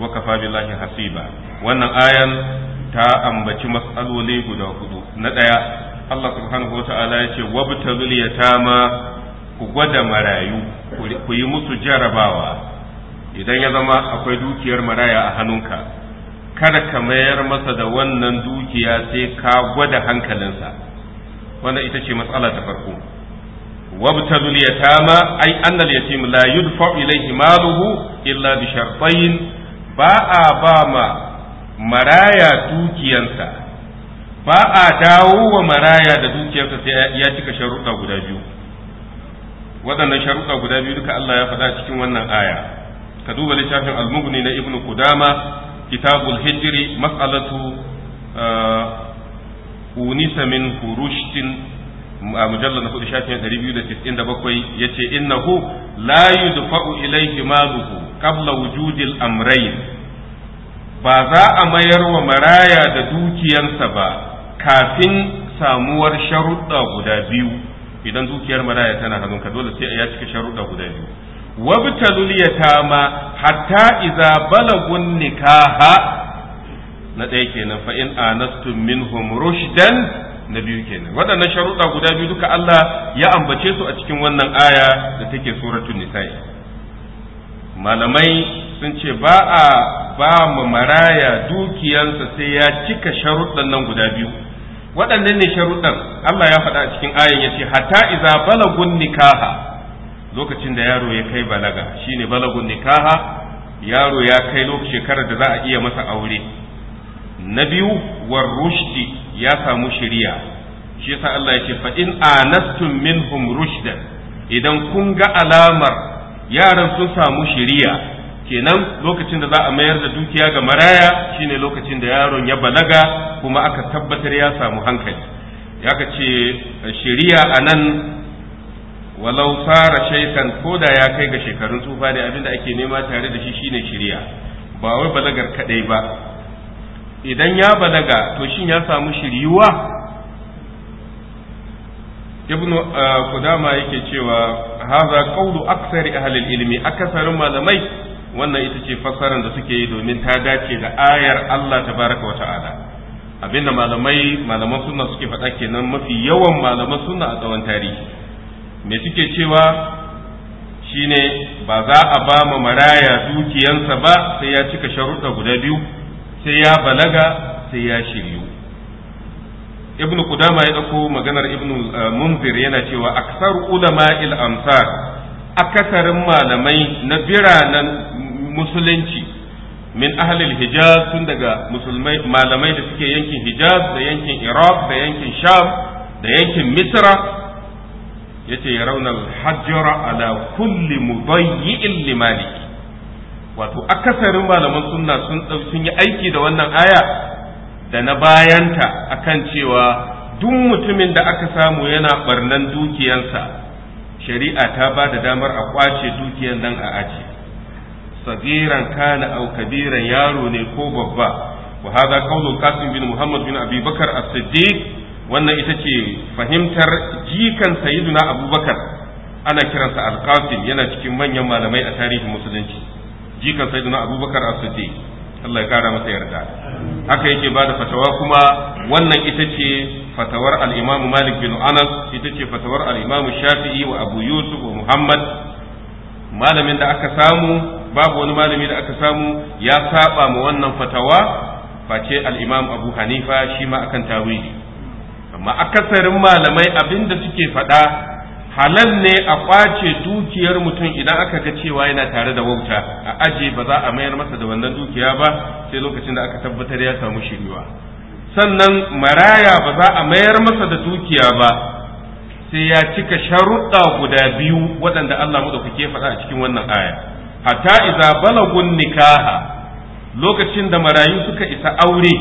وكفى بالله حسيبا wannan ayan ta ambaci matsaloli guda hudu na ɗaya Allah subhanahu wata'ala ya ce wabtalul yatama ku gwada marayu ku yi musu jarrabawa. idan ya zama akwai dukiyar maraya a hannunka kada ka mayar masa da wannan dukiya sai ka gwada hankalinsa wannan ita ce matsalar ta farko وابتلوا اليتامى أي أن اليتيم لا يدفع إليه ماله إلا بشرطين باء باما مرايا توكيانسا باء داو ومرايا دا توكيانسا سيأتيك شروطا قدا بيو waɗannan sharuɗa guda biyu duka Allah ya faɗa cikin wannan aya ka duba littafin almugni na ibnu kudama kitabul hijri Matsalatu, unisa min a mujallar na hudu shafin ɗari biyu da tis'in da bakwai ya ce innahu la yudfa'u ilaihi maluhu qabla wujudil amrayn ba za a mayar wa maraya da dukiyarsa ba kafin samuwar sharuɗa guda biyu idan dukiyar maraya tana hannunka dole sai ya cika sharuɗa guda biyu wabtalul yatama hatta idza balagun nikaha na ɗaya kenan fa in anastum minhum rushdan na biyu kenan waɗannan sharuɗa guda biyu duka Allah ya ambace su a cikin wannan aya da take suratul nisa'i malamai sun ce ba a ba mu maraya dukiyansa sai ya cika sharuɗan nan guda biyu waɗannan ne sharuɗan Allah ya faɗa a cikin ayan ya ce hatta iza balagun nikaha lokacin da yaro ya kai balaga shine balagun nikaha yaro ya kai lokacin shekarar da za a iya masa aure na biyu war rushdi ya samu shiriya shi yasa Allah ya ce fa in anastum minhum rushda idan kun ga alamar yaran sun samu shiriya kenan lokacin da za a mayar da dukiya ga maraya shine lokacin da yaron ya balaga kuma aka tabbatar ya samu hankali Ya ce shiriya anan walau fara shaikan ko da ya kai ga shekarun tsufa da abinda ake nema tare da shi shine shiriya ba wai balagar kadai ba idan ya balaga to shin ya samu shiriyuwa ibn kudama uh, yake cewa haza qawlu aksari ahli ilmi akasarin malamai wannan ita ce fassarar da suke yi domin ta dace da ayar Allah tabaraka wata'ala abinda malamai malaman sunna suke faɗa kenan mafi yawan malaman sunna a tsawon tarihi me suke cewa shine ba za a ba ma maraya dukiyansa ba sai ya cika sharuɗa guda biyu sai ya balaga sai ya shiryu ibn qudama ya dauko maganar ibn eh, munzir yana cewa aksar ulama il amsar akasarin malamai na biranen musulunci min ahlil hijaz tun daga musulmai malamai da suke yankin hijaz da yankin iraq da yankin sham da yankin misra yace yarawna al-hajjara ala kulli mudayyi'in li maliki wato akasarin malaman sunna sun sun yi aiki da wannan aya da na bayanta akan cewa duk mutumin da aka samu yana barnan dukiyansa shari'a ta ba da damar a kwace dukiyan nan a aji sagiran kana au kabiran yaro ne ko babba wa hadha qawlu qasim bin muhammad bin abi bakar as-siddiq wannan ita ce fahimtar jikan sayyiduna abubakar ana kiransa al-qasim yana cikin manyan malamai a tarihin musulunci jikan na abubakar asiti Allah ya kara masa yarda haka yake ba da fatawa kuma wannan ita ce fatawar al-imam malik bin anas ita ce fatawar al shafi'i wa abu yusuf wa muhammad malamin da aka samu babu wani malami da aka samu ya saba ma wannan fatawa face al-imam abu hanifa shi ma akan tawili amma akasarin malamai abinda suke faɗa halal ne a kwace dukiyar mutum idan aka ga cewa yana tare da wauta a aje ba za a mayar masa da wannan dukiya ba sai lokacin da aka tabbatar ya samu shiriwa sannan maraya ba za a mayar masa da dukiya ba sai ya cika sharuɗa guda biyu waɗanda Allah mu ke faɗa a cikin wannan aya hatta iza balagun nikaha lokacin da marayu suka isa aure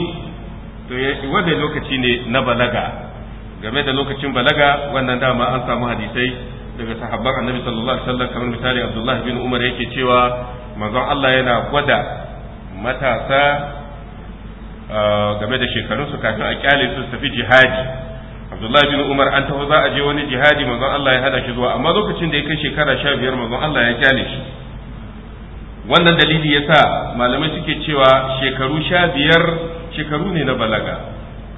to wanda lokaci ne na balaga game da lokacin balaga wannan dama an samu hadisai daga sahabban annabi sallallahu alaihi wasallam kamar misali abdullahi bin umar yake cewa manzon Allah yana gwada matasa ah, game da shekarun su kafin a kyale su tafi jihadi abdullahi bin umar an taho za a je wani jihadi manzon Allah ya hada shi zuwa amma lokacin da ya kai shekara sha biyar manzon Allah ya kyale shi wannan dalili yasa malamai suke cewa shekaru sha shekaru ne na balaga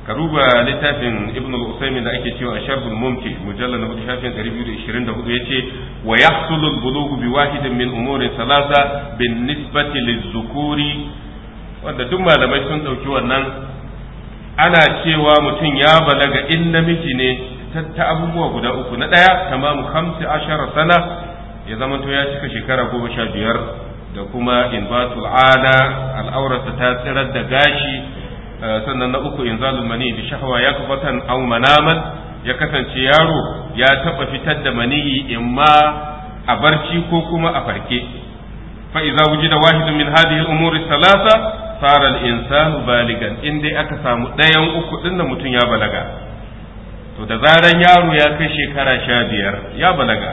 ka duba littafin ibn al-usaymin da ake cewa sharhul mumti mujallal na shafin 224 yace wa yahsulu al-bulugh bi wahidin min umuri thalatha bin nisbati liz-zukuri wanda duk malamai sun dauki wannan ana cewa mutum ya balaga in namiji ne ta abubuwa guda uku na daya tamamu 15 sana ya to ya cika shekara goma sha biyar da kuma in batul ala al'aurarsa ta tsirar da gashi Eh, sannan na uku in zalu mani bi shahwa ya kafatan aw manaman ya kasance yaro ya taba fitar da mani in ma a barci ko kuma a farke fa idza wujida wahid min hadhihi al-umuri thalatha sara al-insanu baligan in dai aka samu ɗayan uku din da mutum ya balaga to da zaran yaro ya kai shekara sha biyar ya balaga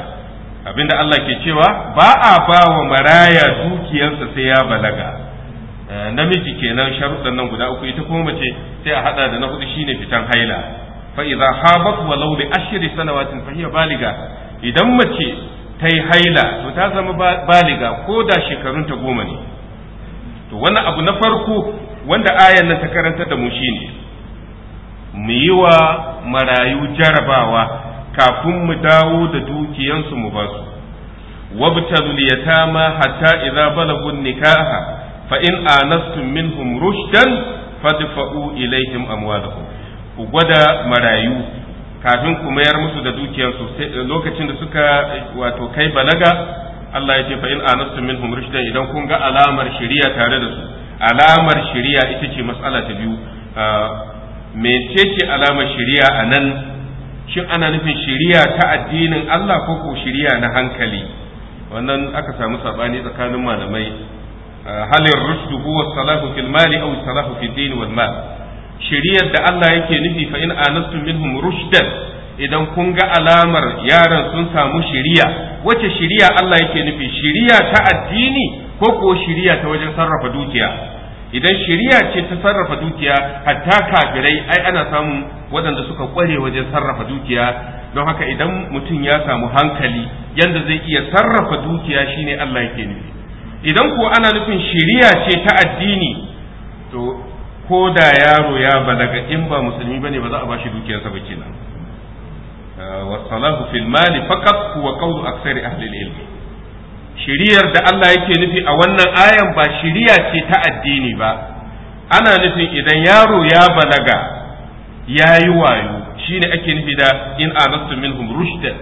abinda Allah ke cewa ba a ba wa maraya dukiyarsa sai ya balaga Eh, namiji kenan sharuɗan nan guda uku ita kuma mace sai a hada da na hudu shine fitan haila fa idza habat wa law bi ashri sanawatin fa hiya baliga idan mace ta yi haila to ta zama baliga ko da shekarun ta goma ne to wani abu na farko wanda ayan nan ta karanta da mu shine mu yi wa marayu jarabawa kafin mu dawo da dukiyansu mu ba su wabtalu liyatama hatta idza balagun nikaha fa in anastum minhum rushdan fadfa'u ilaihim amwalahum ku gwada marayu kafin ku mayar musu da dukiyarsu eh, lokacin da suka eh, wato kai balaga Allah ya ce fa in anastum minhum rushdan idan kun ga alamar shari'a tare da su alamar shari'a ita ce mas'ala ta biyu ah, mecece alamar shari'a a nan shin ana nufin shari'a ta addinin Allah ko ko shari'a na hankali wannan aka samu sabani tsakanin malamai hal ar huwa salahu fil mali aw salahu fid din wal mal shiriyar da Allah yake nufi fa in anastum minhum rushdan idan kun ga alamar yaran sun samu shiriya wace shiriya Allah yake nufi shiriya ta addini ko ko shiriya ta wajen sarrafa dukiya idan shiriya ce ta sarrafa dukiya hatta kafirai ai ana samun waɗanda suka kware wajen sarrafa dukiya don haka idan mutum ya samu hankali yanda zai iya sarrafa dukiya shine Allah yake nufi idan ko ana nufin shiriya ce ta addini to ko da yaro ya balaga in ba musulmi bane ba za a bashi dukiyarsa ba kenan uh, Salahu fil mali faqat huwa qawlu aksari ahli al-ilm shiriyar da Allah yake nufi a wannan ayan ba shiriya ce ta addini ba ana nufin idan yaro ya balaga yayi yi wayo shine ake nufi da in anastu minhum rushda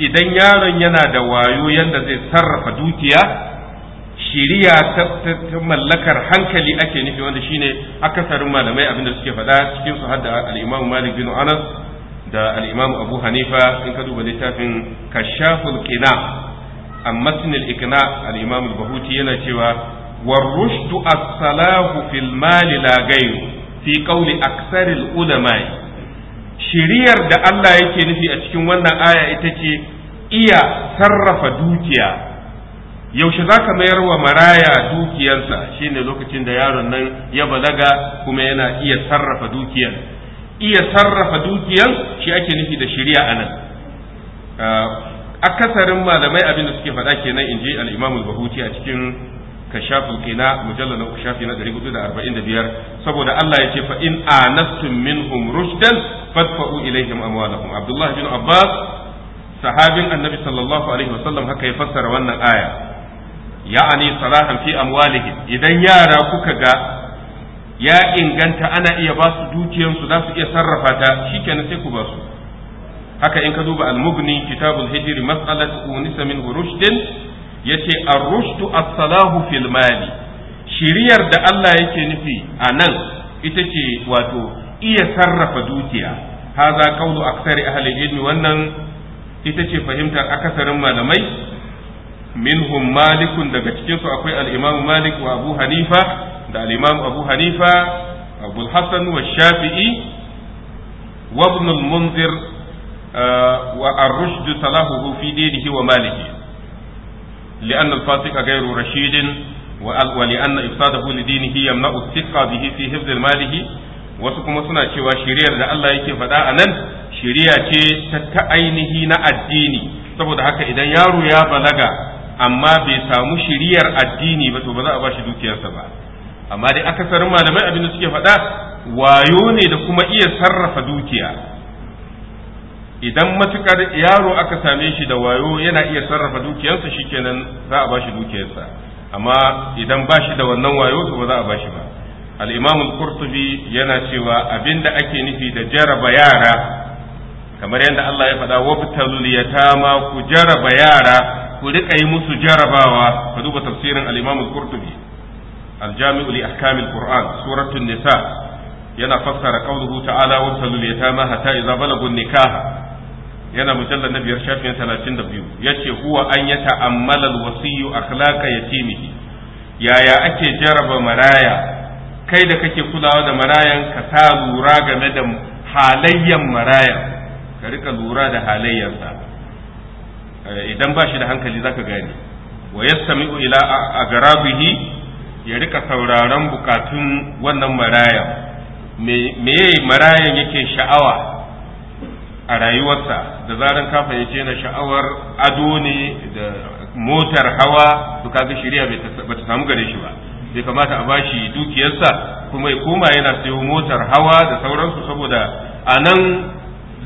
idan yaron yana da wayo yanda zai sarrafa dukiya shiriya ta mallakar hankali ake nufi wanda shine akasarin malamai abinda suke faɗa cikin su hadda al-Imam Malik bin Anas da al-Imam Abu Hanifa in ka duba littafin Kashaful Qina amma matn ikna al-Imam al-Bahuti yana cewa والرشد الصلاح في المال لا غير في قول shiriyar da Allah yake nufi a cikin wannan aya ita ce iya sarrafa dukiya yaushe za ka mayar wa maraya dukiyarsa shine lokacin da yaron nan ya balaga kuma yana iya sarrafa dukiyar iya sarrafa dukiyar shi ake nufi da shari'a anan akasarin malamai abin da suke faɗa kenan in ji al-Imam bahuti a cikin kashaful Kina, mujallar na shafi na 445 saboda Allah ya ce fa in anastum minhum rushdan fadfa'u ilaihim amwalahum Abdullah bin Abbas sahabin annabi sallallahu alaihi wasallam haka ya fassara wannan aya ya'ani salahan fi amwalihim idan yara kuka ga ya inganta ana iya ba su dukiyansu za su iya sarrafa ta shikenan sai ku ba su haka in ka duba al-mughni kitabul hijr mas'alat unisa min rushdin yace ar-rushdu as-salahu fil mali shiriyar da Allah yake nufi a nan ita ce wato iya sarrafa dukiya haza kaulu aktsari ahli ilmi wannan ita ce fahimtar akasarin malamai minhum malikun daga cikinsu akwai al-imam malik wa abu hanifa da al-imam abu hanifa abu hasan wa shafi'i wa ibn al-munzir uh, wa ar-rushd salahuhu fi dinihi wa malihi لأن الفاسق غير رشيد ولأن إفساده لدينه يمنع الثقة به في حفظ ماله wasu kuma suna cewa shiriyar da Allah yake faɗa a nan shiriya ce ta ainihi na addini saboda haka idan yaro ya balaga amma bai samu shiriyar addini ba to ba za a bashi dukiyarsa ba amma dai akasarin malamai abin da suke faɗa wayo ne da kuma iya sarrafa dukiya idan matukar yaro aka same shi da wayo yana iya sarrafa dukiyarsa shikenan za a bashi dukiyarsa amma idan bashi da wannan wayo to ba za a bashi ba al-imam al-qurtubi yana cewa abinda ake nufi da jaraba yara kamar yadda Allah ya faɗa wabtalul yatama ku jaraba yara ku rika yi musu jarabawa ka duba tafsirin al-Imam al-Qurtubi al jami li ahkam al-Qur'an an nisa yana fassara qawluhu ta'ala wa sallul yatama hatta idza balagu nikah yana mujallal na biyar shafin 32 yace huwa an yata'ammala al-wasiyyu akhlaqa yatimihi yaya ake jaraba maraya kai da kake kulawa da marayan ka ta lura game da halayyan marayan ka rika lura da halayyarsa Eh, idan ba shi da hankali za ka gane wa ya sami ila a garabihi ya rika sauraron bukatun wannan marayan me marayan yake sha'awa a rayuwarsa da zaran kafa yake na sha'awar ado ne da motar hawa to kaga shirya ba ta samu gare shi ba bai kamata a bashi dukiyarsa kuma ya koma yana sayo motar hawa da sauransu saboda a nan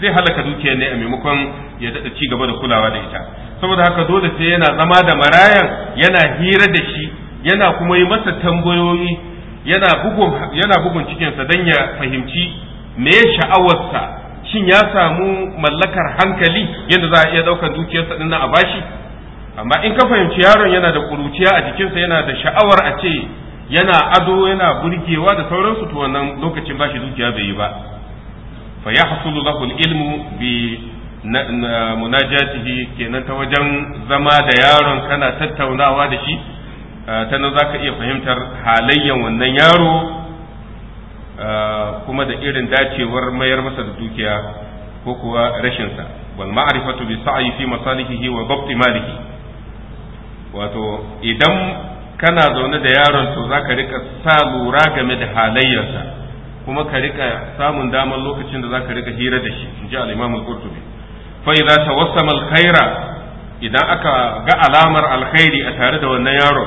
zai halaka dukiyar ne a maimakon ya daɗa ci gaba da kulawa da ita saboda haka dole sai yana zama da marayan yana hira da shi yana kuma yi masa tambayoyi yana bugun yana bugun cikinsa don ya fahimci me sha'awarsa shin ya samu mallakar hankali yadda za a iya ɗaukar dukiyarsa ɗin a bashi amma in ka fahimci yaron yana da ƙuruciya a jikinsa yana da sha'awar a ce yana ado yana burgewa da sauransu to wannan lokacin bashi dukiya bai yi ba fa yahsulu lahu al-ilmu bi munajatihi kenan ta wajen zama da yaron kana tattaunawa da shi ta nan za ka iya fahimtar halayyan wannan yaro kuma da irin dacewar mayar masa da dukiya ko kuwa rashinsa wal ma'rifatu bi sa'yi fi masalihi wa dabt malihi wato idan kana zaune da yaron to za ka rika sa lura game da halayyarsa kuma ka rika samun damar lokacin da za ka rika hira da shi in ji al-imam al-qurtubi fa idza tawassama alkhaira idan aka ga alamar alkhairi a tare da wannan yaro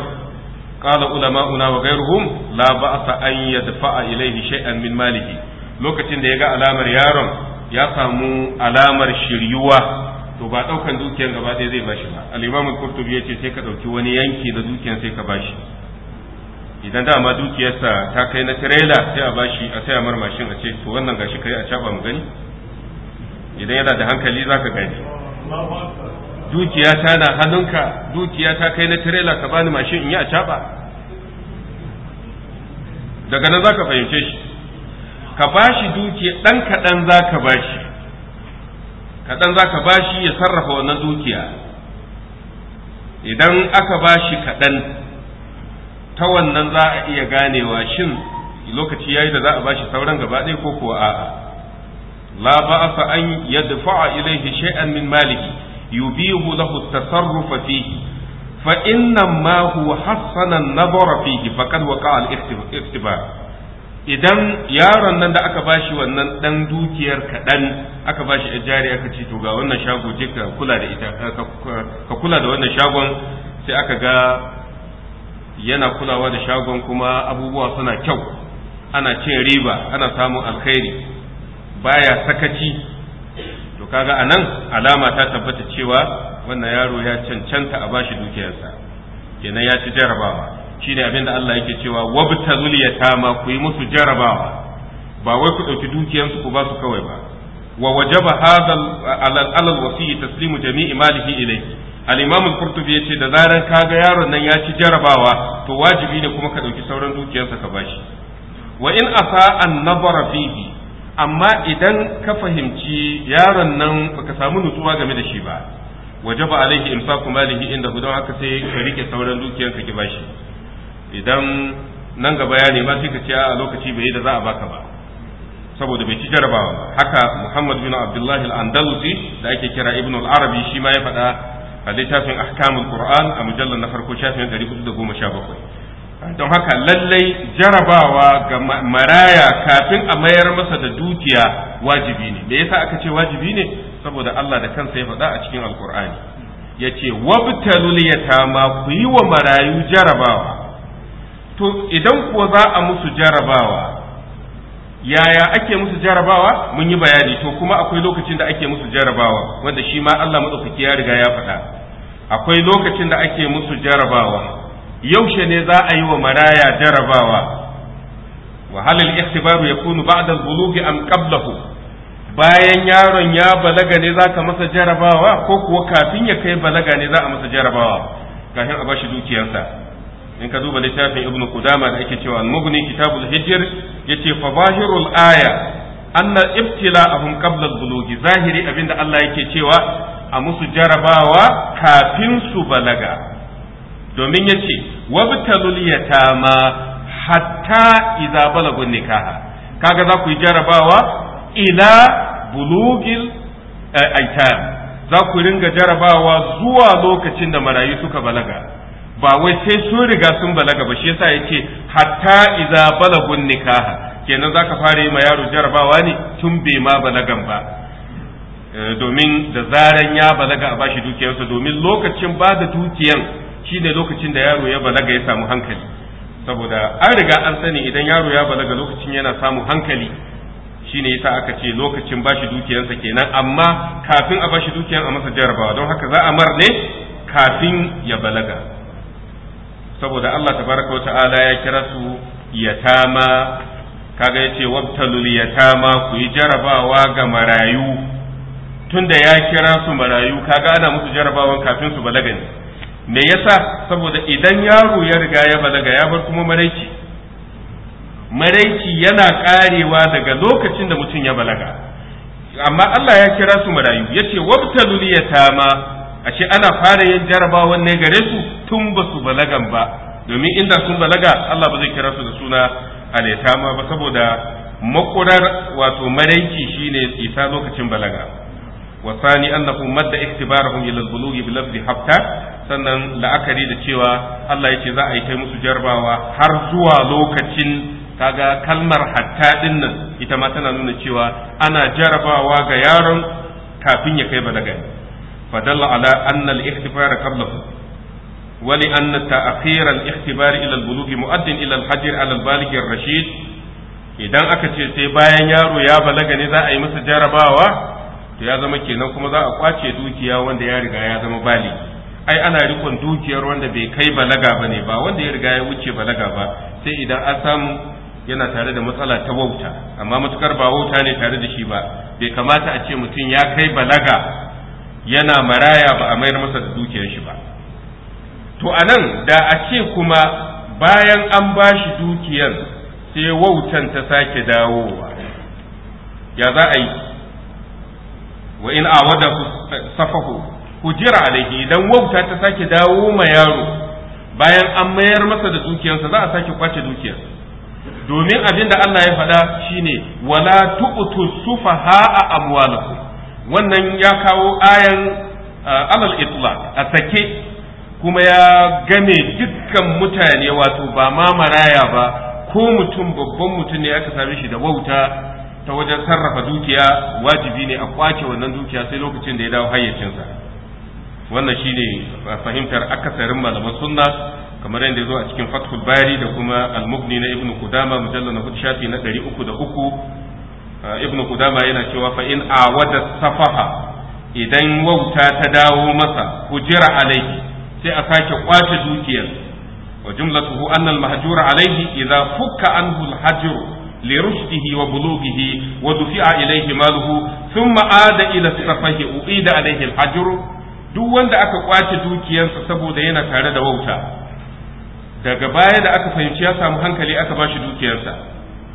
qala ulama'una wa ghayruhum la ba'sa an yadfa'a ilayhi shay'an min malihi lokacin da ya ga alamar yaron ya samu alamar shiryuwa to ba daukan dukiyar gaba ɗaya zai bashi ba al-imam ya ce sai ka ɗauki wani yanki da dukiyar sai ka bashi idan dama dukiyarsa ta kai na tirela sai a bashi a saya mar mashin a ce to wannan gashi kai a caba mu gani idan yana da hankali za ka gani dukiya ta na hannunka dukiya ta kai na tirela ka bani mashin in yi a caba daga nan za ka fahimce shi ka ba shi dukiya ɗan kaɗan za ka ba shi, kaɗan za ka ba shi ya sarrafa wannan dukiya idan aka ba shi kaɗan ta wannan za a iya ganewa shin lokaci ya yi da za a ba shi sauran gaba ɗaya ko kuwa a'a la ba'sa an yadfa'a ilayhi shay'an min malihi yubihu lahu at-tasarrufa fihi fa inna ma huwa hassana an-nadara idan yaron nan da aka bashi wannan dan dukiyar kaɗan aka bashi a jari aka ce to ga wannan shago je ka kula da ita ka kula da wannan shagon sai aka ga yana kulawa da shagon kuma abubuwa suna kyau ana cin riba ana samun alkhairi baya sakaci to kaga anan alama ta tabbata cewa wannan yaro ya cancanta a bashi dukiyarsa kenan ya ci jarabawa shine abin da Allah yake cewa wabtazul yatama ku yi musu jarabawa ba wai ku ɗauki dukiyarsu ku ba su kawai ba wa wajaba hadal alal wasi taslimu jami'i malihi ilayhi al-imam al-qurtubi yace da zaran kaga yaron nan ya ci jarabawa to wajibi ne kuma ka ɗauki sauran dukiyarsa ka bashi wa in asa an nazara fihi amma idan ka fahimci yaron nan baka samu nutsuwa game da shi ba waje wajaba alaihi infaqu malihi inda don haka sai ka rike sauran dukiyar ka ki shi idan nan gaba ya nema sai ka ce a lokaci bai da za a baka ba saboda bai ci jarabawa ba haka Muhammad bin abdullahi al-Andalusi da ake kira Ibn al-Arabi shi ma ya faɗa a littafin Ahkamul Qur'an a mujallar na farko shafin 417 don haka lallai jarabawa ga maraya kafin a mayar masa da dukiya wajibi ne me yasa aka ce wajibi ne saboda Allah da kansa ya faɗa a cikin alkur'ani yace wabtalul yatama ku yi wa marayu jarabawa to idan kuwa za a musu jarabawa yaya ake musu jarabawa mun yi bayani to kuma akwai lokacin da ake musu jarabawa wanda shi ma Allah madaukaki ya riga ya faɗa akwai lokacin da ake musu jarabawa yaushe ne za a yi wa maraya jarabawa wa halal ya yakunu ba'da al-bulughi am qablahu bayan yaron ya balaga ne za ka masa jarabawa ko kuwa kafin ya kai balaga ne za a masa jarabawa kafin a bashi dukiyarsa in ka duba littafin ibnu Kudama da ake cewa al-mughni kitabul hijr yace fa zahirul aya anna ibtila'ahum qabla al-bulughi zahiri abinda Allah yake cewa a musu jarabawa kafin su balaga domin ya ce wabtalul yatama hatta idza balagu nikaha kaga za ku yi jarabawa ila bulugil eh, aitam za ku ringa jarabawa zuwa lokacin da marayu suka balaga ba wai sai sun riga sun balaga ba shi yasa yace hatta idza balagu nikaha kenan zaka fara yi ma yaro jarabawa ne tun bai ma balagan ba eh, domin da zaran ya balaga a bashi dukiyarsa domin lokacin ba da dukiyan shine lokacin da yaro ya balaga ya samu hankali saboda an riga an sani idan yaro ya balaga lokacin yana samu hankali shine yasa aka ce lokacin bashi dukiyarsa kenan amma kafin a bashi dukiyar a masa jarabawa don haka za a mar ne kafin ya balaga saboda Allah tabaraka wa ta'ala ya kira su yatama kaga yace wabtalul yatama ku yi jarabawa ga marayu tunda ya kira su marayu kaga ana musu jarabawan kafin su balaga ne me yasa saboda idan yaro ya riga ya balaga ya bar kuma maraici maraici yana karewa daga lokacin da mutum ya balaga amma Allah ya kira su marayu yace wabtalul yatama ashe ana fara yin jarabawan ne gare su tun ba su balagan ba domin inda sun balaga Allah ba zai kira su da suna al ba saboda makurar wato maraici shine isa lokacin balaga wasani annahu madda iktibarahum ila al-bulughi bi lafzi hafta sannan la'akari da cewa Allah ce za a yi kai musu jarbawa har zuwa lokacin kaga kalmar hatta din nan ita ma tana nuna cewa ana jarabawa ga yaron kafin ya kai balaga fadalla ala anna al-ihtibara qablahu wa li anna ta'khir al-ihtibar ila al-bulugh mu'addin ila al-hajr ala al-baligh ar-rashid idan aka ce sai bayan yaro ya balaga ne za a yi masa jarabawa to ya zama kenan kuma za a kwace dukiya wanda ya riga ya zama baligi ai ana rikon dukiyar wanda bai kai balaga ba ne ba wanda ya riga ya wuce balaga ba sai idan an samu yana tare da matsala ta wauta amma matukar ba wauta ne tare da shi ba bai kamata a ce mutum ya kai balaga yana maraya ba a mayar masa da dukiyar shi ba to anan da a ce kuma bayan an ba shi dukiyar sai wautan ta sake dawowa ya za a yi wa in awada safahu ujira alaihi idan wauta ta sake dawo ma yaro bayan an mayar masa da dukiyarsa za a sake kwace dukiyarsa domin abin da Allah ya faɗa shine wala tu'tu a amwalikum wannan ya kawo ayan alal itla a sake kuma ya game dukkan mutane wato ba ma maraya ba ko mutum babban mutum ne aka same shi da wauta ta wajen sarrafa dukiya wajibi ne a kwace wannan dukiya sai lokacin da ya dawo hayyacinsa wannan shine fahimtar akasarin malaman sunna kamar yadda zo a cikin fathul bari da kuma al mubni na ibnu kudama mujallal na shafi na 303 ibnu kudama yana cewa fa in awada safaha idan wauta ta dawo masa hujira alaihi sai a sake kwace dukiyar wa jumlatuhu anna al-mahjura alaihi idza fukka anhu al-hajru لرشده وبلوغه ودفع إليه ماله ثم عاد إلى السفه أعيد عليه الحجر duk wanda aka kwace dukiyarsa saboda yana tare da wauta daga baya da aka fahimci ya samu hankali aka ba shi dukiyarsa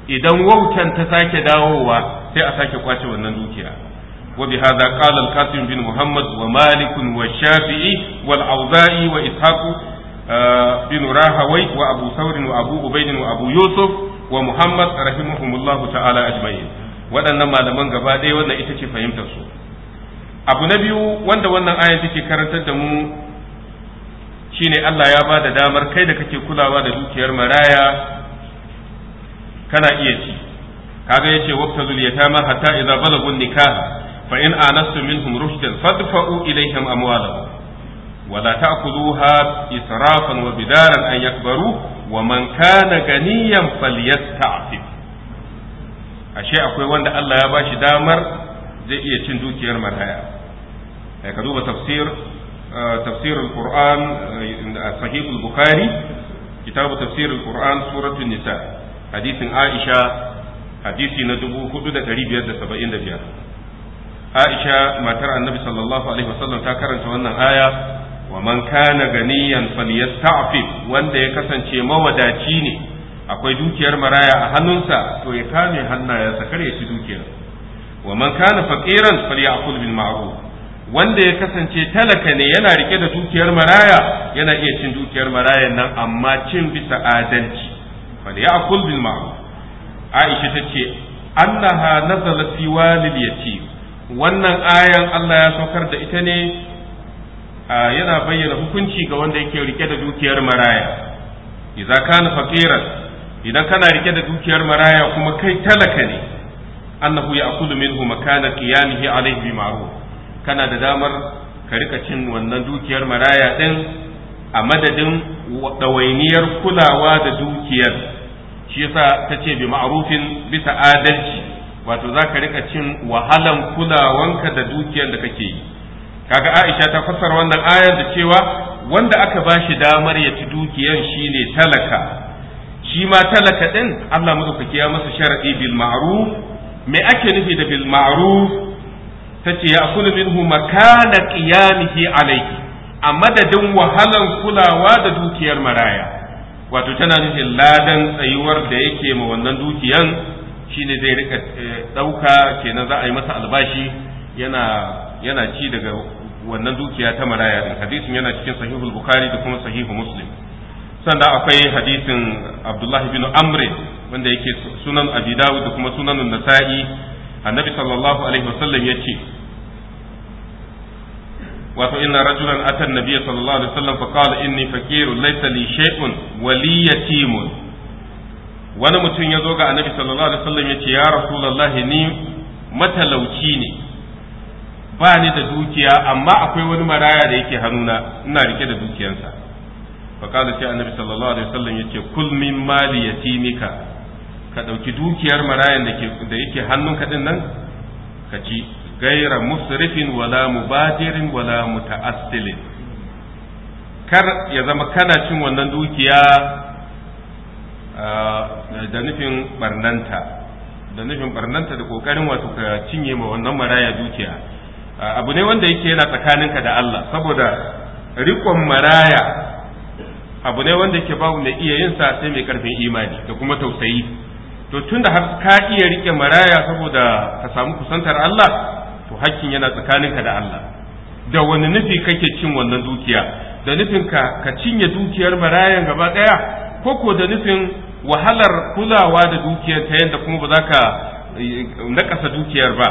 idan wautan ta sake dawowa sai a sake kwace wannan dukiya wa قال القاسم بن محمد ومالك والشافعي والأوزاعي وإسحاق بن راهوي وأبو ثور وأبو عبيد وأبو يوسف ومحمد رحمهم الله تعالى أجمعين waɗannan malaman gaba ɗaya wannan ita ce fahimtar su abu na biyu wanda wannan ayar take karantar da mu shine Allah ya ba da damar kai da kake kulawa da dukiyar maraya kana iya ci kaga yace waqta zul yatama hatta idza balagu nikah fa in anastu minhum rushdan fadfa'u ilayhim amwalahum wa la ta'khuduha israfan wa bidaran an yakbaru wa man kana ganiyan falyasta'fif ashe akwai wanda Allah ya bashi damar zai iya cin dukiyar maraya Eh, ka duba tafsir eh, tafsir al-Qur'an eh, sahih al-Bukhari kitabu tafsir al-Qur'an nisa hadisin Aisha hadisi na 4575 Aisha matar Annabi sallallahu alaihi wasallam ta karanta wannan aya wa man kana ganiyan falyasta'fif wanda ya kasance mawadaci ne akwai dukiyar maraya a hannunsa to ya kame hannayensa kar ya ci dukiyar wa man kana faqiran falyakul bil ma'ruf wanda ya kasance talaka ne yana rike da dukiyar maraya yana iya cin dukiyar marayan nan amma cin bisa adalci fal ya'kul bil ma'ruf Aisha tace annaha nazala fi walil yatim wannan ayan Allah ya saukar da ita ne yana bayyana hukunci ga wanda yake rike da dukiyar maraya idza kana faqiran idan kana rike da dukiyar maraya kuma kai talaka ne annahu ya'kulu minhu makana qiyamihi alayhi bi ma'ruf kana da damar ka rika cin wannan dukiyar maraya ɗin a madadin ɗawainiyar kulawa da dukiyar shi yasa ta ce bi ma'arufin bisa adalci wato za ka rika cin wahalan kulawanka da dukiyar da kake yi kaga aisha ta fassara wannan ayar da cewa wanda aka ba shi damar ya ci dukiyar shine talaka shi ma talaka ɗin Allah madaukaki ya masa sharaɗi bil ma'ruf me ake nufi da bil ma'ruf tace ya kulu minhu makana qiyamihi alayhi a madadin wahalan kulawa da dukiyar maraya wato tana nufin ladan tsayuwar da yake ma wannan dukiyan shine zai rika dauka eh, kenan za a yi masa albashi yana yana ci daga wannan dukiya ta maraya din hadisin yana cikin sahihul bukhari da kuma sahihu muslim sannan akwai hadisin abdullahi bin amr wanda yake sunan abi dawud da kuma sunan nasa'i annabi sallallahu alaihi wasallam ya ce wato inna rajulan atan nabiyya sallallahu alaihi wasallam fa qala inni faqirun laysa li shay'un wa li yatimun wani mutum ya zo ga annabi sallallahu alaihi wasallam ya ce ya rasulullahi ni matalauci ne ba ni da dukiya amma akwai wani maraya da yake hannuna ina rike da dukiyansa fa qala sai annabi sallallahu alaihi wasallam ya ce kul min mali yatimika ka ɗauki dukiyar marayan da yake hannun kaɗin nan ka ci gaira musrifin wala mubadirin wala muta'assilin kar ya zama kana cin wannan dukiya ah, da nufin barnanta da nufin barnanta da kokarin wato ka cinye ma wannan maraya dukiya ah, abu ne wanda yake yana tsakaninka da Allah saboda rikon maraya abu ne wanda yake ba mai iya yin sa sai mai karfin imani da kuma tausayi to tun da har ka iya rike maraya saboda ka samu kusantar Allah to hakkin yana tsakaninka da Allah da wani nufi kake cin wannan dukiya da nufin ka ka cinye dukiyar marayan gaba daya ko da nufin wahalar kulawa da dukiyar ta yadda kuma ba za ka eh, nakasa dukiyar ba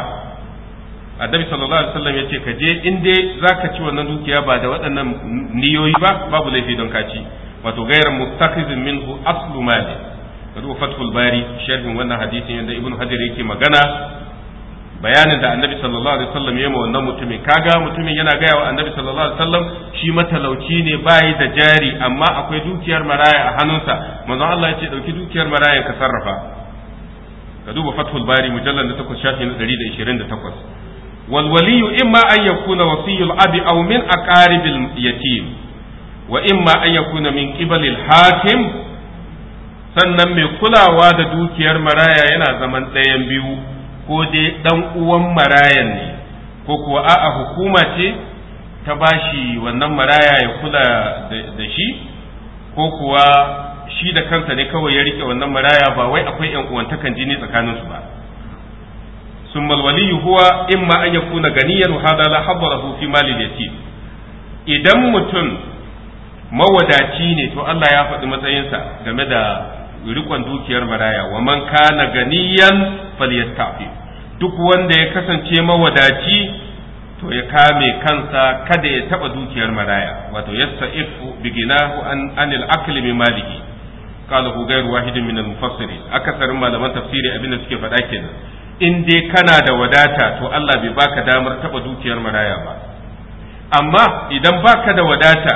annabi sallallahu alaihi wasallam yace ka je in dai zaka ci wannan dukiya ba da waɗannan niyoyi ba babu laifi don ka ci wato gairar mustaqizin minhu aslu mali ka duba fathul bari sharhin wannan hadisin yadda ibnu hajar yake magana bayanin da annabi sallallahu alaihi wasallam yayi wannan mutumin kaga mutumin yana gaya wa annabi sallallahu alaihi wasallam shi matalauci ne bayi da jari amma akwai dukiyar maraya a hannunsa manzon Allah ya ce dauki dukiyar maraya ka sarrafa ka duba fathul bari mujallal na 8 shafi na 128 wal waliyu imma an yakuna wasiyul abi aw min aqaribil yatim wa imma an yakuna min qibali al hakim sannan mai kulawa da dukiyar maraya yana zaman ɗayan biyu ko dai ɗan uwan marayan ne ko kuwa a'a hukuma ce ta bashi wannan maraya ya kula da shi ko kuwa shi da kansa ne kawai ya rike wannan maraya ba wai akwai yan uwantakan jini tsakaninsu ba Sun malwali ثم الولي هو إما أن يكون غنيا وهذا لا حضره mali da اليتيم idan mutum mawadaci ne to Allah ya faɗi matsayinsa game da rikon dukiyar maraya wa man kana ganiyan falyastafi duk wanda ya kasance mawadaci to ya kame kansa kada ya taba dukiyar maraya wato yasta'ifu biginahu an anil akli min malihi qala hu ghayru wahidin min al akasarin malaman tafsiri abinda suke faɗa kenan in dai kana da wadata to Allah bai baka damar taba dukiyar maraya ba amma idan baka da wadata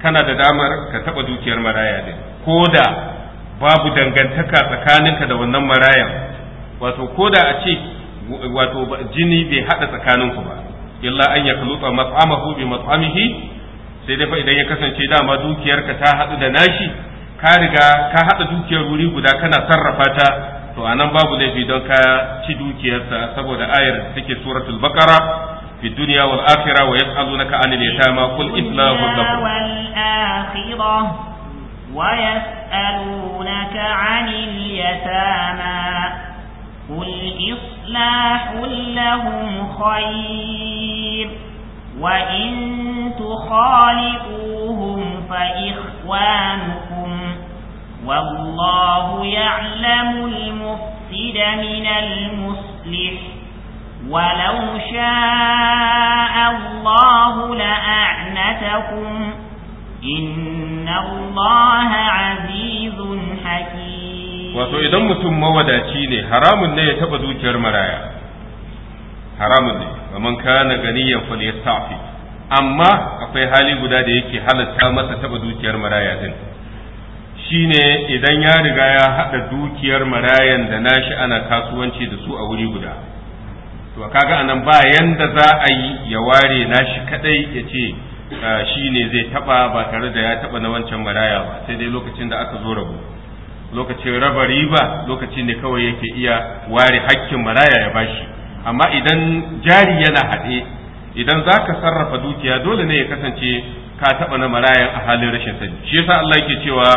kana da damar ka taba dukiyar maraya din ko da babu dangantaka tsakaninka da wannan marayan wato ko da a ce wato jini bai haɗa tsakaninku ba illa an ya kaluta mat'amahu bi mat'amihi sai dai fa idan ya kasance dama dukiyarka ta haɗu da nashi ka riga ka haɗa dukiyar wuri guda kana sarrafa ta to anan babu laifi don ka ci dukiyarsa saboda ayar da take suratul baqara في الدنيا والآخرة ويسألونك عن اليتامى قل إسلام لهم ويسألونك عن اليتامى قل إصلاح لهم خير وإن تخالقوهم فإخوانكم والله يعلم المفسد من المصلح ولو شاء الله لأعنتكم wato idan mutum mawadaci ne haramun ne ya taba dukiyar maraya haramun ne wa kana ganiyan falyastafi amma akwai hali guda da yake halatta masa taba dukiyar maraya din shine idan ya riga ya haɗa dukiyar marayan da nashi ana kasuwanci da su a wuri guda to kaga anan ba yanda za a yi ya ware nashi kadai ya ce shi ne zai taba ba tare da ya taba na wancan maraya ba sai dai lokacin da aka zo rabu lokacin raba riba lokacin ne kawai yake iya ware hakkin maraya ya bashi amma idan jari yana haɗe idan za ka sarrafa dukiya dole ne ya kasance ka taba na maraya a halin rashin sani shi yasa Allah yake cewa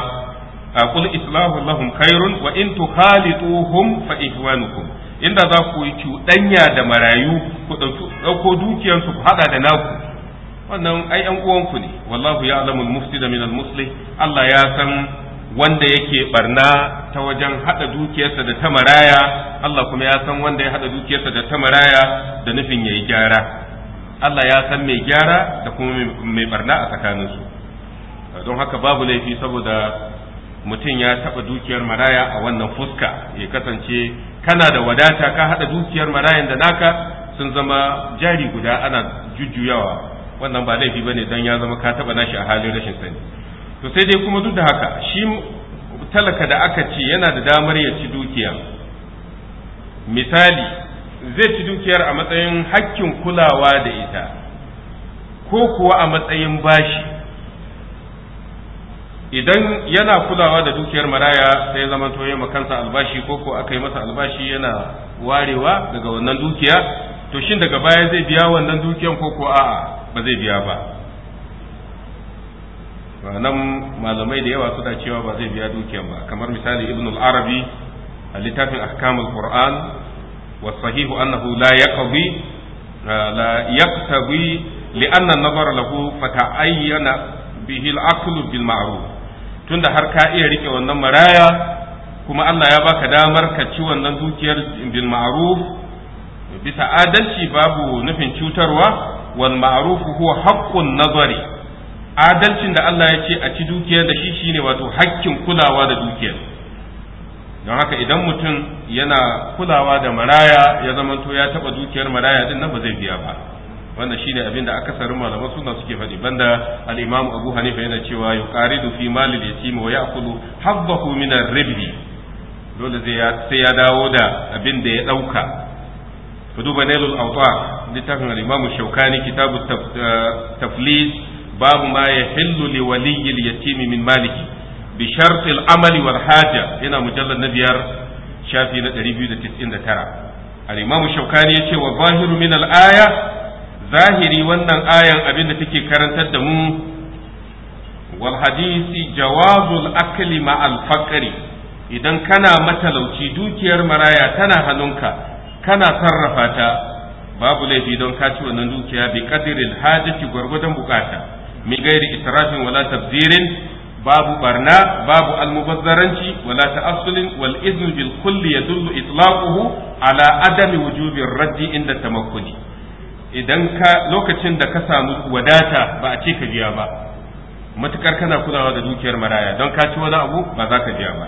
qul islahu lahum khairun wa in tukhalituhum fa ihwanukum inda za ku yi cuɗanya da marayu ku ɗauko dukiyarsu ku haɗa da naku wannan ai yan uwanku ne wallahu ya mufti da minal musli Allah ya san wanda yake barna ta wajen hada dukiyarsa da ta maraya Allah kuma ya san wanda ya haɗa dukiyarsa da ta maraya da nufin yayi gyara Allah ya san mai gyara da kuma mai barna a tsakaninsu don haka babu laifi saboda mutum ya taɓa dukiyar maraya a wannan fuska ya kasance kana da wadata ka haɗa dukiyar marayan da naka sun zama jari guda ana jujjuyawa wannan ba laifi bane dan ya zama ka taba nashi a halin rashin sani to sai dai kuma duk da haka shi talaka da aka ce yana da damar ya ci dukiya misali zai ci dukiyar a matsayin hakkin kulawa da ita ko kuwa a matsayin bashi idan yana kulawa da dukiyar maraya sai zama to ya makansa albashi ko ko aka yi masa albashi yana warewa daga wannan dukiya to shin daga baya zai biya wannan dukiyan ko ko a'a ba zai biya ba nan malamai da yawa suna cewa ba zai biya dukiyar ba kamar misali ibn al-arabi a littafin ahkam al-qur'an wa sahihu annahu la yaqdi la yaqtabi li'anna an-nazara lahu fata'ayyana bihi al-aql bil ma'ruf tunda har ka iya rike wannan maraya kuma Allah ya baka damar ka ci wannan dukiyar bil ma'ruf bisa adalci babu nufin cutarwa wal ma'ruf huwa haqqun nazari adalcin da Allah ya ce a ci dukiyar da shi shine wato hakkin kulawa da dukiyar don haka idan mutum yana kulawa da maraya ya zamanto ya taba dukiyar maraya din nan ba zai biya ba wannan shine abin da akasarin malama suna suke faɗi banda al-Imam Abu Hanifa yana cewa yuqaridu fi al yatim wa ya'kulu habbahu min ar-ribhi dole sai ya dawo da abin da ya dauka ku duba nailul awta littafin al shaukani kitabu eh, taflis babu ma yahillu li waliyil yatimi min maliki bi shartil amali wal haja yana mujallar na biyar shafi na da tara. imamu shaukani yace wa zahiru min al'aya aya zahiri wannan ayan abin da take karantar da mu wal hadisi jawazul akli ma al idan kana matalauci dukiyar maraya tana hannunka kana sarrafa ta babu laifi don ka ci wannan dukiya bi kadirin hajati gwargwadon bukata mi gairi israfin wala tabzirin babu barna babu almubazzaranci wala ta'assulin wal izn bil kulli yadullu itlaquhu ala adami wujubi raddi inda tamakkuli idan ka lokacin da ka samu wadata ba a ce ka biya ba matukar kana kulawa da dukiyar maraya don ka ci wani abu ba za ka biya ba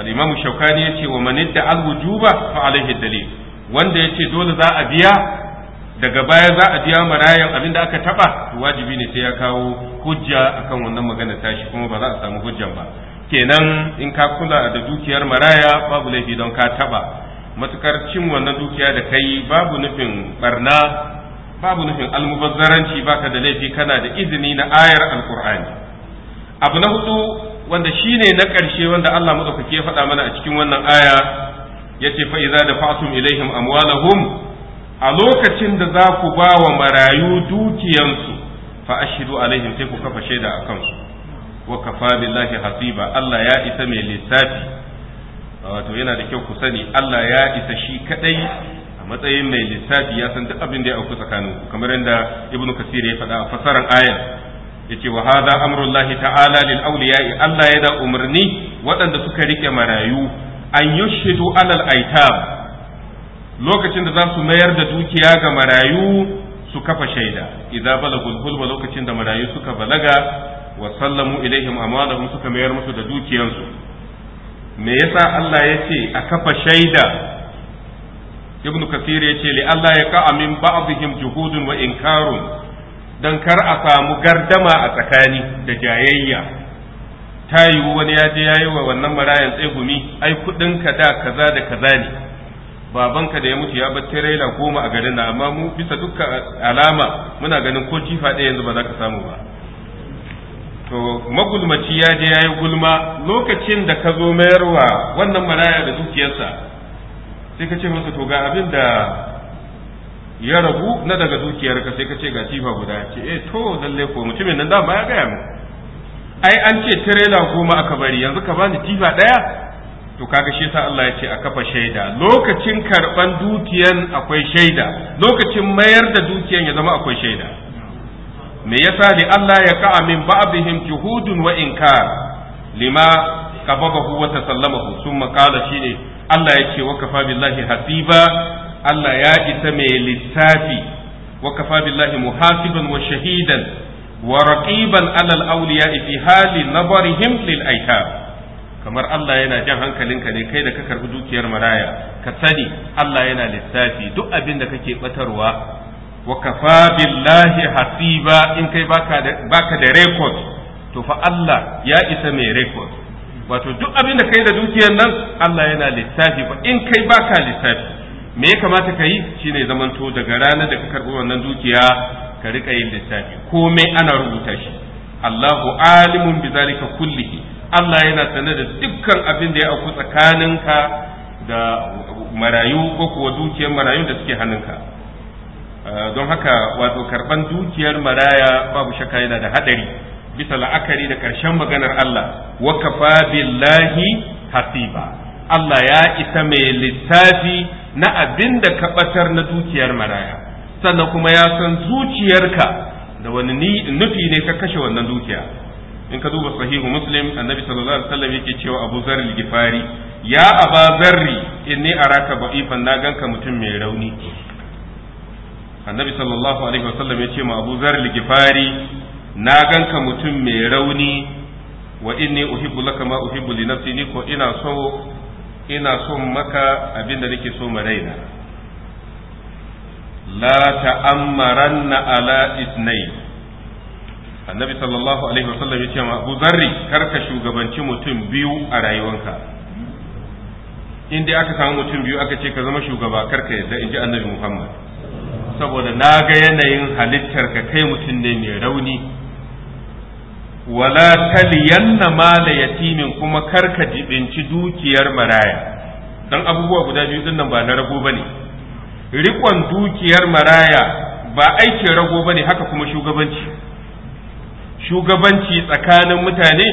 al-imamu shaukani yace wa man idda al-wujuba fa alayhi dalil wanda ya ce dole za a biya daga baya za a biya marayan abin da aka taba wajibi ne sai ya kawo hujja akan wannan magana tashi kuma ba za a samu hujjan ba kenan in ka kula da dukiyar maraya babu laifi don ka taba matukar cin wannan dukiya da kai babu nufin barna babu nufin almubazzaranci baka da laifi kana da izini na ayar alkur'ani abu na hudu wanda shine na ƙarshe wanda Allah madaukake ya faɗa mana a cikin wannan aya yace fa idza dafa'tum ilaihim amwalahum a lokacin da za ku ba wa marayu dukiyansu fa ashidu alaihim sai ku kafa shaida a kansu wa kafa billahi hasiba Allah ya isa mai lissafi wato yana da kyau ku sani Allah ya isa shi kadai a matsayin mai lissafi ya san duk abin da ya auku tsakanin ku kamar yadda ibnu kasir ya faɗa a fasaran ayan yace wa hadha amrullahi ta'ala lil awliya Allah ya da umarni waɗanda suka rike marayu an yushhidu alal aitab lokacin da za su mayar da dukiya ga marayu su kafa shaida idza balagul hulba lokacin da marayu suka balaga wa sallamu ilaihim amalahum suka mayar musu da dukiyansu me yasa Allah ya a kafa shaida ibnu kasir ya ce li Allah ya ka'a min ba'dihim juhudun wa inkarun dan kar a samu gardama a tsakani da jayayya ta yiwu wani ya je yayi wa wannan marayan tsegumi ai kudin ka da kaza da kaza ne babanka da ya mutu ya bar tirela goma a garin nan amma mu bisa dukkan alama muna ganin ko jifa ɗaya yanzu ba za ka samu ba to magulmaci ya je yayi gulma lokacin da ka zo mayarwa wannan maraya da dukiyarsa sai ka ce masa to ga abin da ya ragu na daga dukiyarka sai ka ce ga jifa guda ce eh to lalle ko mutumin nan ba ya gaya mu ai an ce tirela goma aka bari yanzu ka bani tifa ɗaya to kaga shi sa Allah ya ce a kafa shaida lokacin karban dukiyan akwai shaida lokacin mayar da dukiyan ya zama akwai shaida me yasa li Allah ya ka'a min ba'dihim juhudun wa inkar lima qababahu wa tasallamahu summa qala shine Allah ya ce wa kafa billahi hasiba Allah ya isa mai lissafi wa kafa billahi muhasiban wa shahidan wa raqiban alal awliya fi hali nabarihim lil kamar Allah yana jan hankalinka ne kai da ka karbi dukiyar maraya ka sani Allah yana lissafi duk abin da kake batarwa wa kafa billahi hasiba in kai baka da rekod. to fa Allah ya isa mai rekod. wato duk abin da kai da dukiyar nan Allah yana lissafi ba, in kai baka lissafi me ya kamata ka yi shine zamanto daga ranar da ka karbi wannan dukiya ka rika yin littafi komai ana rubuta shi Allahu alimun bi zalika kullihi Allah yana sanar da dukkan abin da ya auku tsakaninka da marayu ko kuwa dukiyar marayun da suke hannunka ah, don haka wato karban dukiyar maraya babu shakka yana da hadari bisa la'akari da karshen maganar Allah wa kafa billahi hasiba Allah ya isa mai littafi na abin da ka batar na dukiyar maraya sannan kuma ya san zuciyarka da wani nufi ne ka kashe wannan dukiya in ka duba sahihu muslim annabi sallallahu alaihi wasallam yake cewa abu zar gifari ya aba zarri inni araka ba'ifan na ganka mutum mai rauni annabi sallallahu alaihi wasallam ya ce ma abu zar gifari na ganka mutum mai rauni wa inni uhibbu laka ma uhibbu li nafsi ni ko ina so ina son maka abinda nake so ma raina la تأمرن على isnai annabi sallallahu alaihi عليه yace ma Abu Zarri karka shugabanci mutum biyu a rayuwanka in aka samu mutum biyu aka ce ka zama shugaba karka yadda inji annabi Muhammad saboda na ga yanayin halittar ka kai mutum ne mai rauni wala taliyanna mala yatimin kuma karka jibinci dukiyar maraya dan abubuwa guda biyu din nan ba na rago bane rikon dukiyar maraya ba aikin rago ba ne haka kuma shugabanci shugabanci tsakanin mutane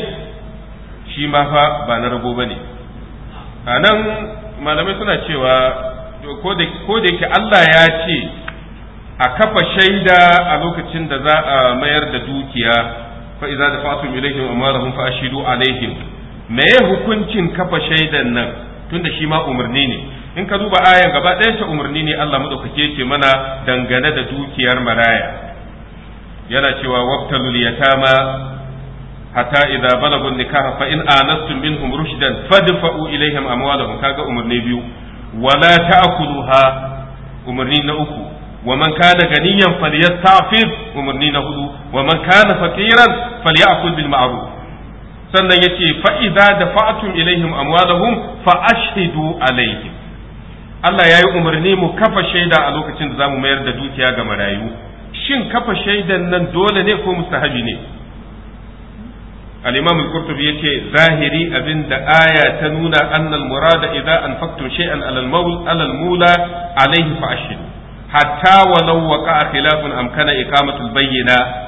shi ma fa ba na rago ba ne a nan malamai suna cewa ko da yake Allah ya ce a kafa shaida a lokacin da za a mayar da dukiya fa'iza da fatun ilaihim amarahum fa ashidu alaihim me hukuncin kafa shaidan nan tunda shi ma umarni ne in ka duba ayan gaba ɗayan ta umarni ne Allah madaukake ce mana dangane da dukiyar maraya yana cewa wabtalul yatama hatta idza balagun nikaha fa in anastum minhum rushdan fadfa'u ilaihim amwalahum kaga umarni biyu wala ta'kuluha umarni na uku ومن كان غنيا فليستعفف umarni na hudu wa man kana faqiran falyakul bil ma'ruf sannan yace fa idza dafa'tum ilaihim amwalahum fa ashhidu alaihim Allah ya yi umarni mu kafa shaida a lokacin da za mu mayar da dukiya ga marayu shin kafa shaidan nan dole ne ko mustahabi ne al-imam al-qurtubi yace zahiri abin da aya ta nuna annal murada idza anfaqtum shay'an shai'an alal mawl mula alayhi fa ashhadu hatta walau waqa'a khilafun amkana ikamatul bayyana bayyina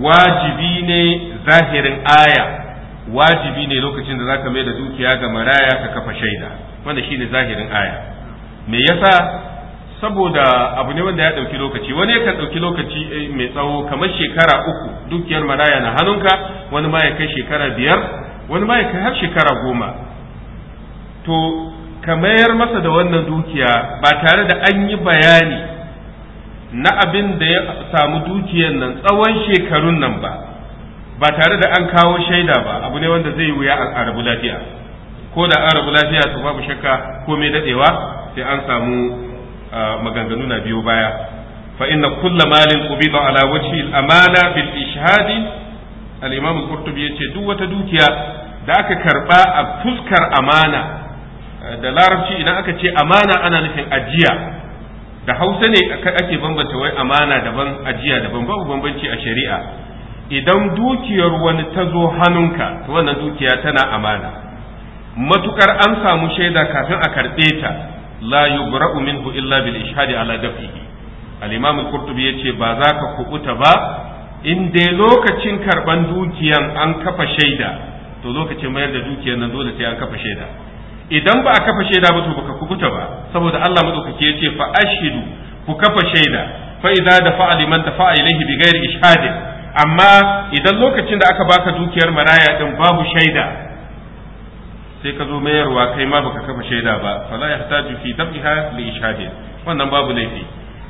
wajibi ne zahirin aya wajibi ne lokacin da zaka mai da dukiya ga maraya ka kafa shaida wanda shine zahirin aya me yasa saboda abu ne wanda ya ɗauki lokaci wani yakan ɗauki lokaci eh, mai tsawo kamar shekara uku dukiyar maraya na hannunka wani ma ya kai shekara biyar wani ma ya kai har shekara goma to ka mayar masa da wannan dukiya ba tare da an yi bayani na abin da ya samu dukiyar nan tsawon shekarun nan ba ba tare da an kawo shaida ba abu ne wanda zai wuya a rabu lafiya ko da an rabu lafiya to babu shakka ko mai dadewa sai an samu maganganu na biyo baya fa inna kulla malin qubida ala wajhi al-amana bil ishhadi al-imam al-qurtubi yace duk wata dukiya da aka karba a fuskar amana da larabci idan aka ce amana ana nufin ajiya da hausa ne ake bambanta wai amana daban ajiya daban babu bambanci a shari'a idan dukiyar wani ta zo hannunka to wannan dukiya tana amana matukar an samu shaida kafin a karɓe ta la yubra'u minhu illa bil ishadi ala dafihi al-imam al-qurtubi yace ba za ka kubuta ba in dai lokacin karban dukiyan an kafa shaida to lokacin mayar da dukiyan nan dole sai an kafa shaida idan ba a kafa shaida ba to baka kubuta ba saboda Allah madaukake yace fa ashidu ku kafa shaida fa idza dafa'a liman dafa'a ilayhi bi ghairi amma idan lokacin da aka baka dukiyar maraya din babu shaida sai ka zo mayarwa kai ma baka kafa shaida ba fala yahtaju fi dafiha li ishadin wannan babu laifi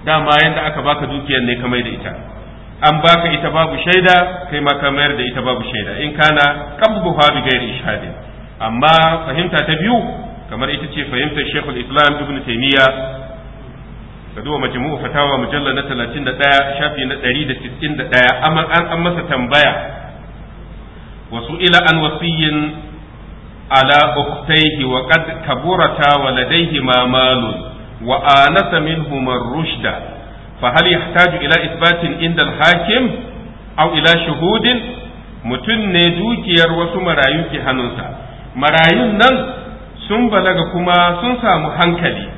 dama yanda aka baka dukiyar ne ka mai da ita an baka ita babu shaida kai ma ka mayar da ita babu shaida in kana qabduha babu ghairi ishadin amma fahimta ta biyu kamar ita ce fahimtar Sheikhul Islam Ibn Taymiyyah ka duba majmu'u fatawa mujalla na 31 shafi na 191 amma an an masa tambaya wasu ila an wasiyin ala uktaihi wa qad kaburata waladayhi ma malun wa anasa minhum ar-rushda fa hal yahtaju ila isbatin inda al-hakim aw ila shuhudin mutun ne dukiyar wasu marayu ke hannunsa marayun nan sun balaga kuma sun samu hankali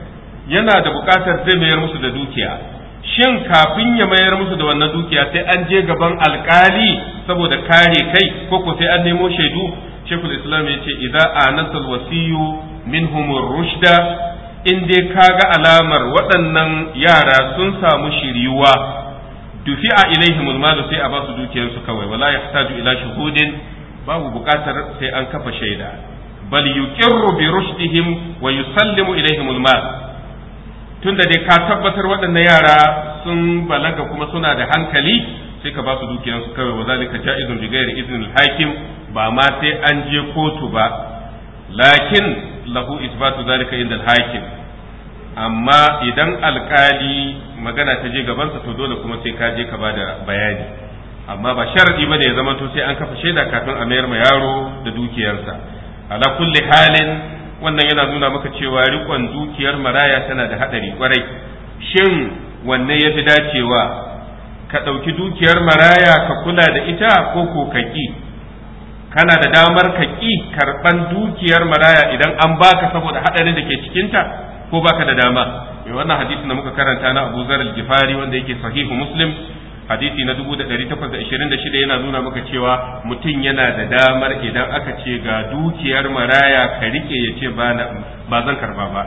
yana da buƙatar zai mayar musu da dukiya shin kafin ya mayar musu da wannan dukiya sai an je gaban alkali saboda kare kai ko ko sai an nemo shaidu shekul islam ya ce idza anasal wasiyu minhumur rushda in dai ga alamar waɗannan yara sun samu shiriwa Dufi dufi'a ilaihi malu sai a ba su dukiyarsu kawai wala ya yahtaju ila shuhudin babu buƙatar sai an kafa shaida bal yuqirru bi rushdihim wa yusallimu ilaihi mal tunda dai ka tabbatar waɗannan yara sun balaga kuma suna da hankali sai ka ba su dukiyansu kawai wa zalika ja'izun bi ghairi idnil hakim ba ma sai an je kotu ba lakin lahu isbatu zalika inda hakim amma idan alkali magana ta je gabansa to dole kuma sai ka je ka ba da bayani amma ba sharadi bane ya zama to sai an kafa shaida kafin a mayar ma yaro da dukiyarsa ala kulli halin wannan yana nuna maka cewa rikon dukiyar maraya tana da hadari kwarai shin wanne ya fi dacewa ka ɗauki dukiyar maraya ka kula da ita ko ko ka ƙi kana da damar ka ƙi karɓan dukiyar maraya idan an baka saboda haɗarin da ke cikinta ko baka da dama eh, wannan hadisi da muka karanta na abu al gifari wanda yake sahihu muslim hadisi na 1826 yana nuna maka cewa mutum yana da damar idan aka ce ga dukiyar maraya ka rike ya ce ba zan karba ba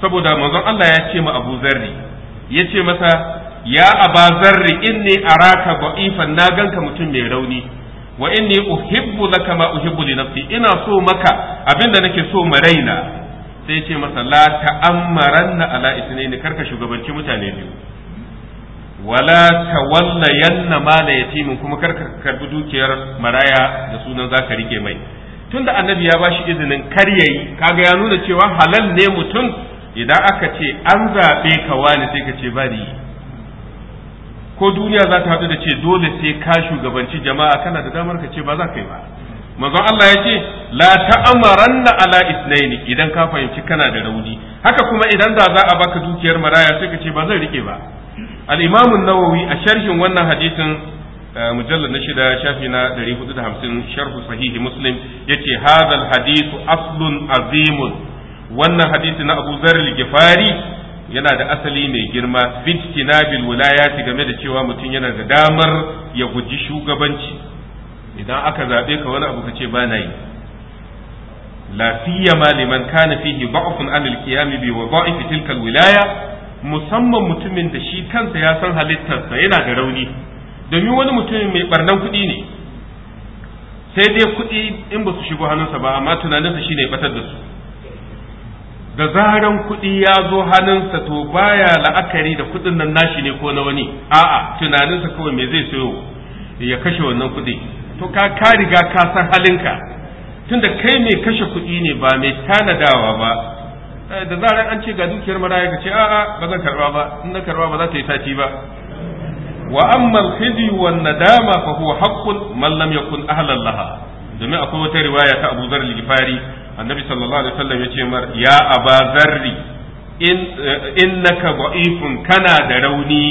saboda manzon Allah ya ce ma Abu Zarri ya ce masa ya Aba Zarri inni araka da'ifan na ganka mutum mai rauni wa inni uhibbu laka ma uhibbu li nafsi ina so maka abinda nake so ma raina sai ce masa la ta'ammaranna ala ithnaini karka shugabanci mutane biyu wala tawalla yanna da yatimin kuma kar ka karbi dukiyar maraya da sunan zaka rike mai tunda annabi ya bashi izinin kar yayi kaga ya nuna cewa halal ne mutum idan aka ce an zabe ka wani sai ka ce bari ko duniya za ta haɗu da ce dole sai ka shugabanci jama'a kana da damar ka ce ba za ka yi ba manzon Allah ya ce la ta'amaranna ala isnaini idan ka fahimci kana da rauni haka kuma idan da za a baka dukiyar maraya sai ka ce ba zan rike ba Al'imamin النووي a sharhin wannan hadisin eh, mujallar na shida shafi na 450 sharhu sahihi muslim yace hadha al-hadithu aslun azimun wannan hadisi na abu yana da asali mai girma wilaya wilayati game da cewa mutum yana da damar ya guji shugabanci idan aka zabe ka wani abu ka ce ba na yi Lafiya siyama liman kana fihi ba'fun an qiyam bi wada'if tilka wilaya musamman mutumin da shi kansa ya san halittarsa yana da rauni domin wani mutumin mai barnan kuɗi ne sai dai kuɗi in ba su shigo hannunsa ba amma tunaninsa shi ne batar da su da zaran kuɗi ya zo hannunsa to baya la'akari da kuɗin nan nashi ne ko na wani a'a tunaninsa kawai me zai sayo ya kashe wannan kuɗi to ka ka riga ka san halinka tunda kai mai kashe kuɗi ne ba mai tanadawa ba Eh, da zaran an ce ga dukiyar maraya ka ce a'a ba zan karba ba in na karba ba za ta yi sati ba wa amma al-khizi nadama fa huwa haqqun man lam yakun ahlan laha domin akwai wata riwaya ta Abu Dharr al-Ghifari annabi sallallahu alaihi wasallam ya ce mar ya Aba Dharri in eh, innaka baifin kana da rauni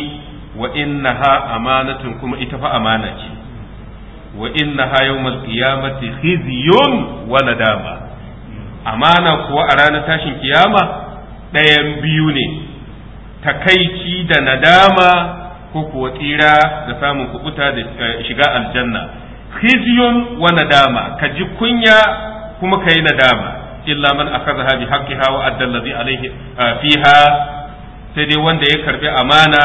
wa innaha amanatun kuma ita fa amana ce wa innaha yawmal qiyamati khizyun wa nadama amana kuwa a ranar tashin kiyama ɗayan biyu ne takaici da nadama ko kuwa tsira da samun kubuta da eh, shiga aljanna khizyun wa nadama ka ji kunya kuma ka yi nadama illa man akazaha bi haqqiha wa adda allazi alaihi eh, fiha sai dai wanda ya karbi amana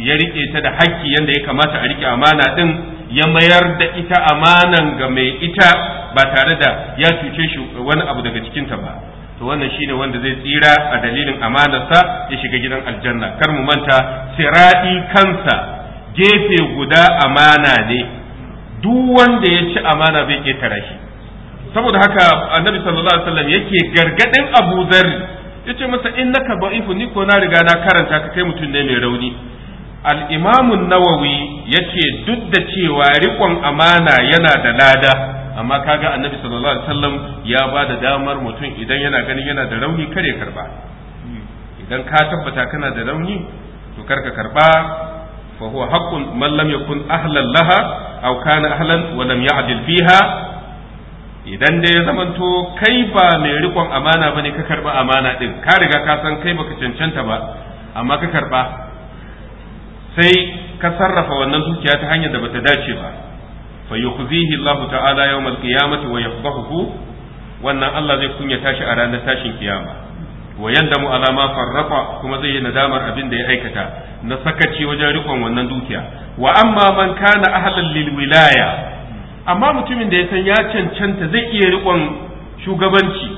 ya rike ta da haƙƙi yanda ya kamata a rike amana ɗin. ya mayar da ita amanan ga mai ita ba tare da ya cuce shi wani abu daga cikinta ba to wannan shine wanda zai tsira a dalilin amanarsa ya shiga gidan aljanna kar mu manta siradi kansa gefe guda amana ne duk wanda ya ci amana bai ketara shi saboda haka annabi sallallahu alaihi wasallam yake gargadin Abu Dharr yace masa innaka ba'ifu ni ko na riga na karanta ka kai mutum ne mai rauni al'imamun nawawi ya ce duk da cewa riƙon amana yana da lada amma kaga annabi sallallahu alaihi wasallam ya ba da damar mutum idan yana ganin yana da rauni kare karba idan ka tabbata kana da rauni to karka karba fa huwa haqqun man lam yakun ahlan laha aw kana ahlan wa lam ya'dil fiha idan dai ya zamanto kai ba mai riƙon amana bane ka karba amana din ka riga ka san kai baka cancanta ba amma ka karba sai ka sarrafa wannan dukiya ta hanyar da bata dace ba fa yukhzihi Allahu ta'ala yawmal qiyamati wa yafdahu wannan Allah zai kunya tashi a ranar tashin kiyama wa yandamu ala ma farrafa kuma zai yi nadamar abin da ya aikata na sakaci wajen rikon wannan dukiya wa amma man kana ahlan lil wilaya amma mutumin da ya san ya cancanta zai iya rikon shugabanci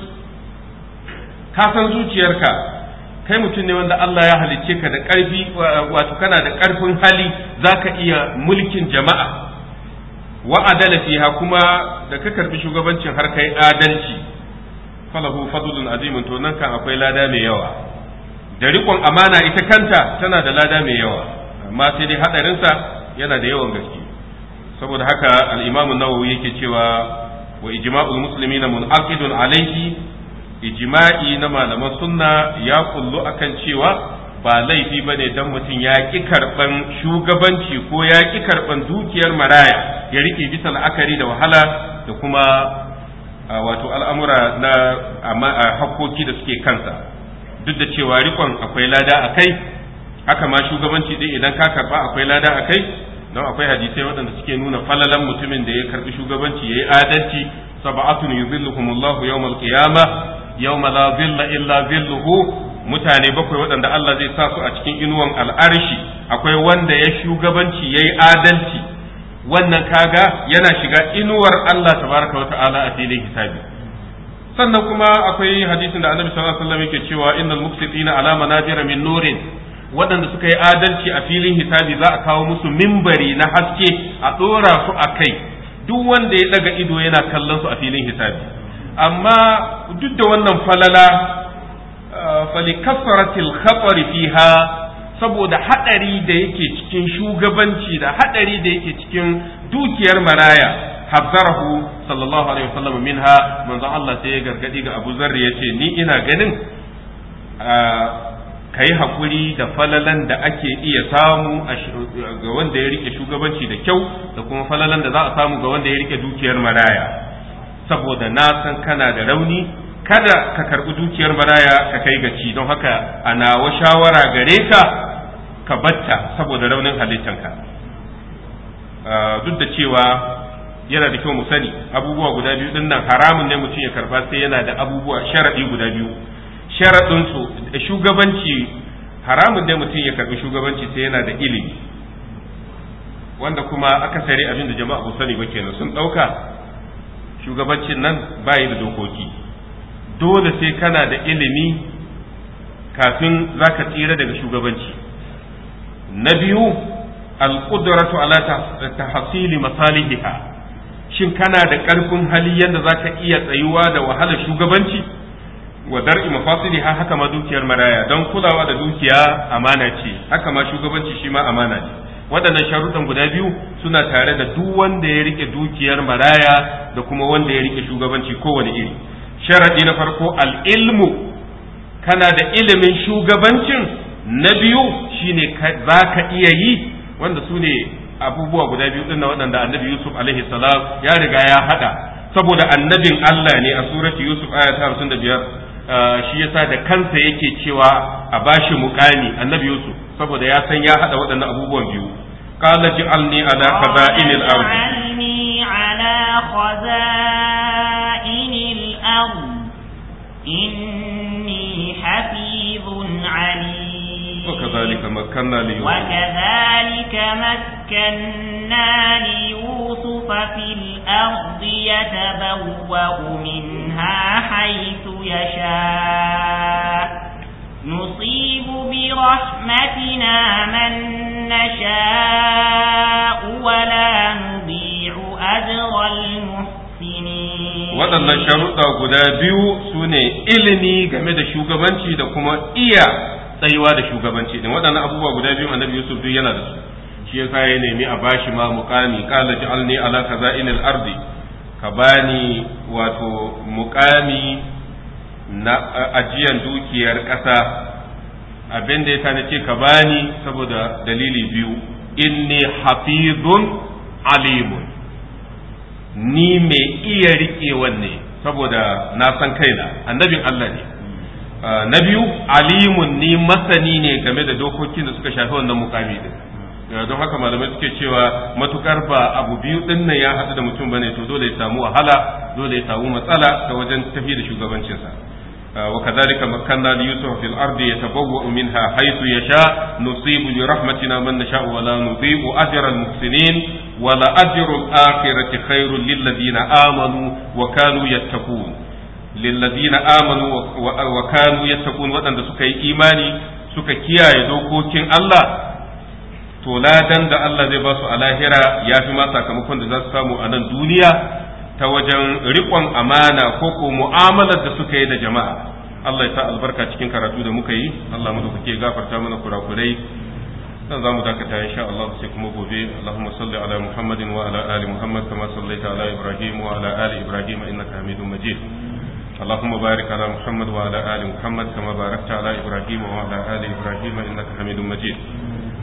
ka san zuciyarka kai mutum ne wanda Allah ya halicce ka da ƙarfi wato kana da ƙarfin hali zaka iya mulkin jama'a wa adala fiha kuma da ka karbi shugabancin har kai adalci falahu fadlun azimun to nan kan akwai lada mai yawa da riƙon amana ita kanta tana da lada mai yawa amma sai dai sa yana da yawan gaske saboda haka al-Imam an-Nawawi yake cewa wa ijma'ul muslimina munaqidun alayhi ijma'i na malaman sunna ya kullu akan cewa ba laifi ba ne don mutum ya ƙi karɓan shugabanci ko ya ƙi karɓan dukiyar maraya ya riƙe bisa la'akari da wahala da kuma wato al'amura na hakkoki da suke kansa duk da cewa rikon akwai lada a kai haka ma shugabanci ɗin idan ka karɓa akwai lada a kai don akwai hadisai waɗanda suke nuna falalan mutumin da ya karɓi shugabanci ya yi adalci sab'atun yuzilluhumullahu yawmal qiyamah yawma la zilla illa zilluhu mutane bakwai waɗanda Allah zai sa su a cikin inuwan al'arshi akwai wanda ya shugabanci ya yi adalci wannan kaga yana shiga inuwar Allah tabaraka wa ta'ala a filin hisabi sannan kuma akwai hadisin da Annabi sallallahu alaihi wasallam yake cewa innal muqsitina ala manajira min nurin waɗanda suka yi adalci a filin hisabi za a kawo musu mimbari na haske a dora su a kai duk wanda ya daga ido yana kallon su a filin hisabi amma duk da wannan falala eh, falikasaratil khatari fiha saboda haɗari da yake cikin shugabanci da haɗari da yake cikin dukiyar maraya habzarahu sallallahu alaihi wasallam minha manzo Allah sai ya gargadi ga Abu Zarri yace ni ina ganin eh, kai hakuri da falalan da ake iya samu ga wanda ya rike shugabanci da kyau da kuma falalan da za a samu ga wanda ya rike dukiyar maraya saboda na san kana da rauni kada ka karɓi dukiyar baraya ka kai gaci don haka a nawa shawara gare ka ka batta saboda raunin halittanka duk da cewa yana da kyau mu sani abubuwa guda biyu din nan haramun ne mutum ya karba sai yana da abubuwa sharaɗi guda biyu sharaɗinsu shugabanci haramun ne mutum ya karbi shugabanci sai yana da ilimi wanda kuma akasari abin da jama'a ba sani ba kenan sun ɗauka shugabancin nan bayi da dokoki dole sai kana da ilimi kafin za ka tsira daga shugabanci na biyu alƙudratu ala tahsili masalihiha shin kana da ƙarfin hali yadda za ka iya tsayuwa da wahalar shugabanci wa dar'i ha haka ma dukiyar maraya don kulawa da dukiya amana ce haka ma shugabanci shi ma amana ce waɗannan sharuɗan guda biyu suna tare da duk wanda ya rike dukiyar maraya da kuma wanda ya rike shugabanci kowane iri sharaɗi na farko al'ilmu kana da ilimin shugabancin na biyu shine za ka iya yi wanda su ne abubuwa guda biyu ɗin na waɗanda annabi yusuf alaihi salam ya riga ya haɗa saboda annabin allah ne a surati yusuf aya ta hamsin da biyar eh, shi yasa da kansa yake cewa a bashi mukami annabi yusuf saboda ya san ya haɗa waɗannan abubuwan biyu qala ji'alni ala khaza'inil ard ji'alni ala khaza'inil ard inni hafizun alim wakadhalika makkanna li yusuf wakadhalika makkanna li yusuf fil ard yatabawwa minha haythu yasha' نصيب برحمتنا من نشاء ولا نضيع أجر waɗannan sharuɗa guda biyu su ne ilimi game da shugabanci da kuma iya tsayuwa da shugabanci din waɗannan abubuwa guda biyu annabi Yusuf duk yana da su shi yasa ya nemi a bashi ma muqami qala ja'alni ala khaza'inil ardi ka bani wato muƙami. na ajiyan dukiyar ƙasa abin da ya ce ka bani saboda dalili biyu inni hafizun alimun ni mai iya riƙewan ne saboda na san kaina annabin Allah ne na biyu alimun ni masani ne game da dokokin da suka shafi wannan mukami din don haka malamai suke cewa matukar ba abu biyu din nan ya haɗu da mutum bane to dole ya samu wahala dole ya samu matsala ta wajen tafi da shugabancinsa وكذلك مكنا ليوسف في الأرض يتبوأ منها حيث يشاء نصيب برحمتنا من نشاء ولا نضيع أجر المحسنين ولأجر الآخرة خير للذين آمنوا وكانوا يتقون للذين آمنوا وكانوا يتقون وأن سكي إيماني suka kiyaye dokokin Allah to ladan da Allah zai ba su a lahira ya fi ma sakamakon da za su samu a nan duniya ta wajen riƙon amana ko ko mu'amalar da suka yi da jama'a Allah ya sa albarka cikin karatu da muka yi Allah mu gafarta mana kurakurai dan zamu dakata insha Allah sai kuma gobe Allahumma salli ala Muhammadin wa ala ali Muhammad kama sallaita ala Ibrahim wa ala ali Ibrahim innaka Hamidum Majid